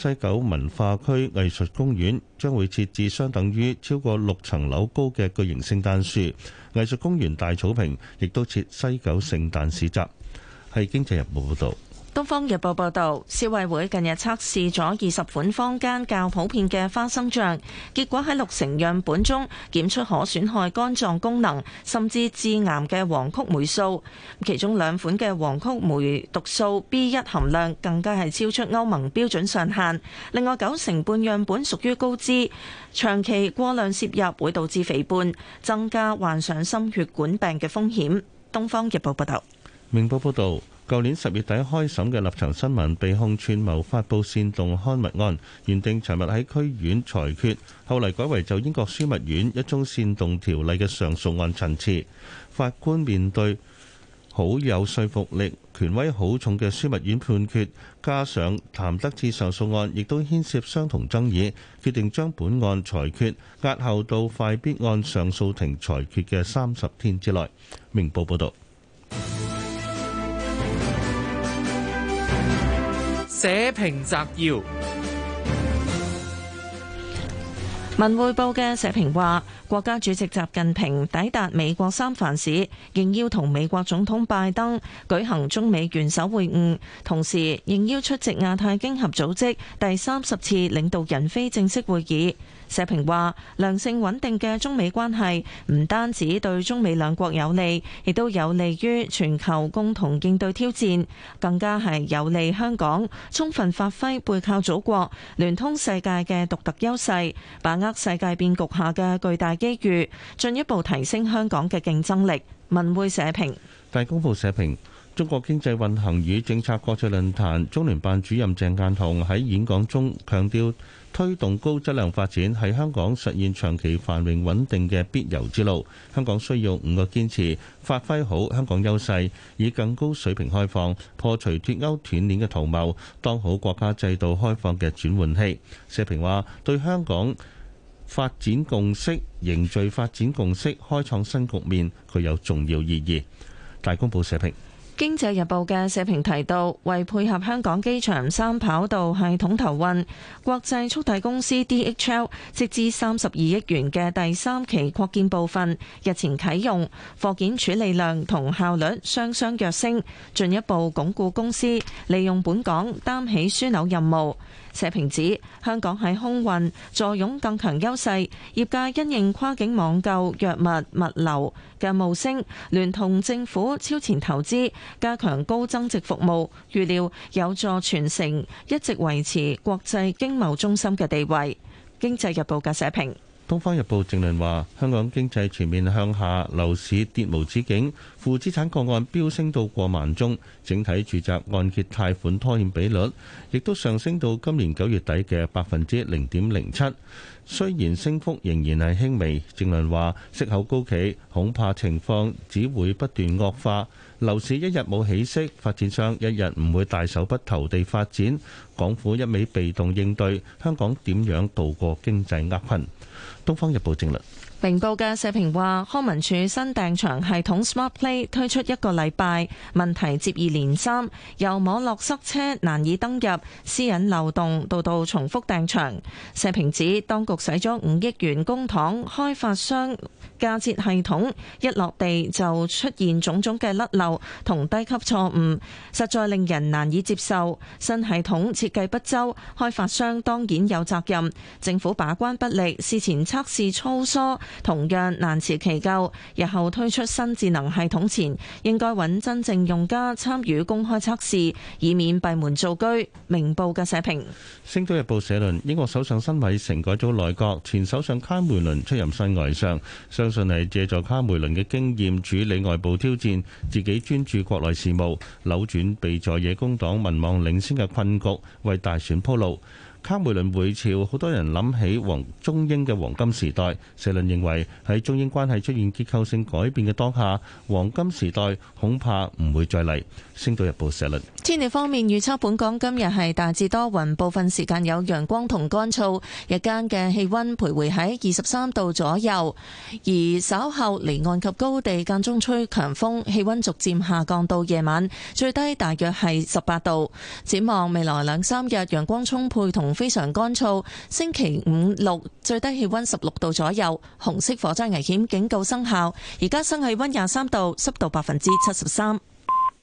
西九文化區藝術公園將會設置相等於超過六層樓高嘅巨型聖誕樹，藝術公園大草坪亦都設西九聖誕市集。係《經濟日報》報道。《東方日報》報導，消委會近日測試咗二十款坊間較普遍嘅花生醬，結果喺六成樣本中檢出可損害肝臟功能甚至致癌嘅黃曲霉素。其中兩款嘅黃曲霉毒素 B 一含量更加係超出歐盟標準上限。另外九成半樣本屬於高脂，長期過量攝入會導致肥胖，增加患上心血管病嘅風險。《東方日報》報道。《明報》報導。舊年十月底開審嘅立場新聞被控串謀發布煽動刊物案，原定尋日喺區院裁決，後嚟改為就英國樞密院一宗煽動條例嘅上訴案陳詞。法官面對好有說服力、權威好重嘅樞密院判決，加上譚得志上訴案亦都牽涉相同爭議，決定將本案裁決押後到快必案上訴庭裁決嘅三十天之內。明報報導。社評摘要：文匯報嘅社評話，國家主席習近平抵達美國三藩市，應邀同美國總統拜登舉行中美元首會晤，同時應邀出席亞太經合組織第三十次領導人非正式會議。社評話，良性穩定嘅中美關係唔單止對中美兩國有利，亦都有利於全球共同應對挑戰，更加係有利香港充分發揮背靠祖國、聯通世界嘅獨特優勢，把握世界變局下嘅巨大機遇，進一步提升香港嘅競爭力。文匯社評，大公報社評，中國經濟運行與政策國際論壇，中聯辦主任鄭雁雄喺演講中強調。推動高質量發展係香港實現長期繁榮穩定嘅必由之路。香港需要五個堅持，發揮好香港優勢，以更高水平開放，破除脫歐斷鏈嘅圖謀，當好國家制度開放嘅轉換器。社評話，對香港發展共識、凝聚發展共識、開創新局面具有重要意義。大公報社評。《經濟日報》嘅社評提到，為配合香港機場三跑道系統投運，國際速遞公司 DHL 斥資三十二億元嘅第三期擴建部分日前啟用，貨件處理量同效率雙雙躍升，進一步鞏固公司利用本港擔起樞紐任務。社評指香港喺空運坐擁更強優勢，業界因應跨境網購藥物物流嘅冒升，聯同政府超前投資加強高增值服務，預料有助傳承一直維持國際經貿中心嘅地位。經濟日報嘅社評。《東方日報》正論話：香港經濟全面向下，樓市跌無止境，負資產個案飆升到過萬宗，整體住宅按揭貸款拖欠比率亦都上升到今年九月底嘅百分之零點零七。雖然升幅仍然係輕微，正論話息口高企，恐怕情況只會不斷惡化。樓市一日冇起色，發展商一日唔會大手筆投地發展。港府一味被動應對，香港點樣渡過經濟厄困？《東方日報》政論。明報嘅社評話，康文署新訂場系統 SmartPlay 推出一個禮拜，問題接二連三，由網絡塞車難以登入、私隱漏洞，到到重複訂場。社評指，當局使咗五億元公帑，開發商架設系統，一落地就出現種種嘅甩漏同低級錯誤，實在令人難以接受。新系統設計不周，開發商當然有責任，政府把關不力，事前測試粗疏。同樣難辭其咎。日後推出新智能系統前，應該揾真正用家參與公開測試，以免閉門造車。明報嘅社評。《星島日報》社論：英國首相辛偉誠改組內閣，前首相卡梅倫出任新外相，相信係借助卡梅倫嘅經驗處理外部挑戰，自己專注國內事務，扭轉被在野工黨民望領先嘅困局，為大選鋪路。卡梅倫回潮，好多人諗起黃中英嘅黃金時代。社論認為喺中英關係出現結構性改變嘅當下，黃金時代恐怕唔會再嚟。星島日報社論。天氣方面預測本港今日係大致多雲，部分時間有陽光同乾燥，日間嘅氣溫徘徊喺二十三度左右。而稍後離岸及高地間中吹強風，氣溫逐漸下降到夜晚最低，大約係十八度。展望未來兩三日，陽光充沛同。非常乾燥，星期五、六最低氣温十六度左右，紅色火災危險警告生效。而家新氣温廿三度，濕度百分之七十三。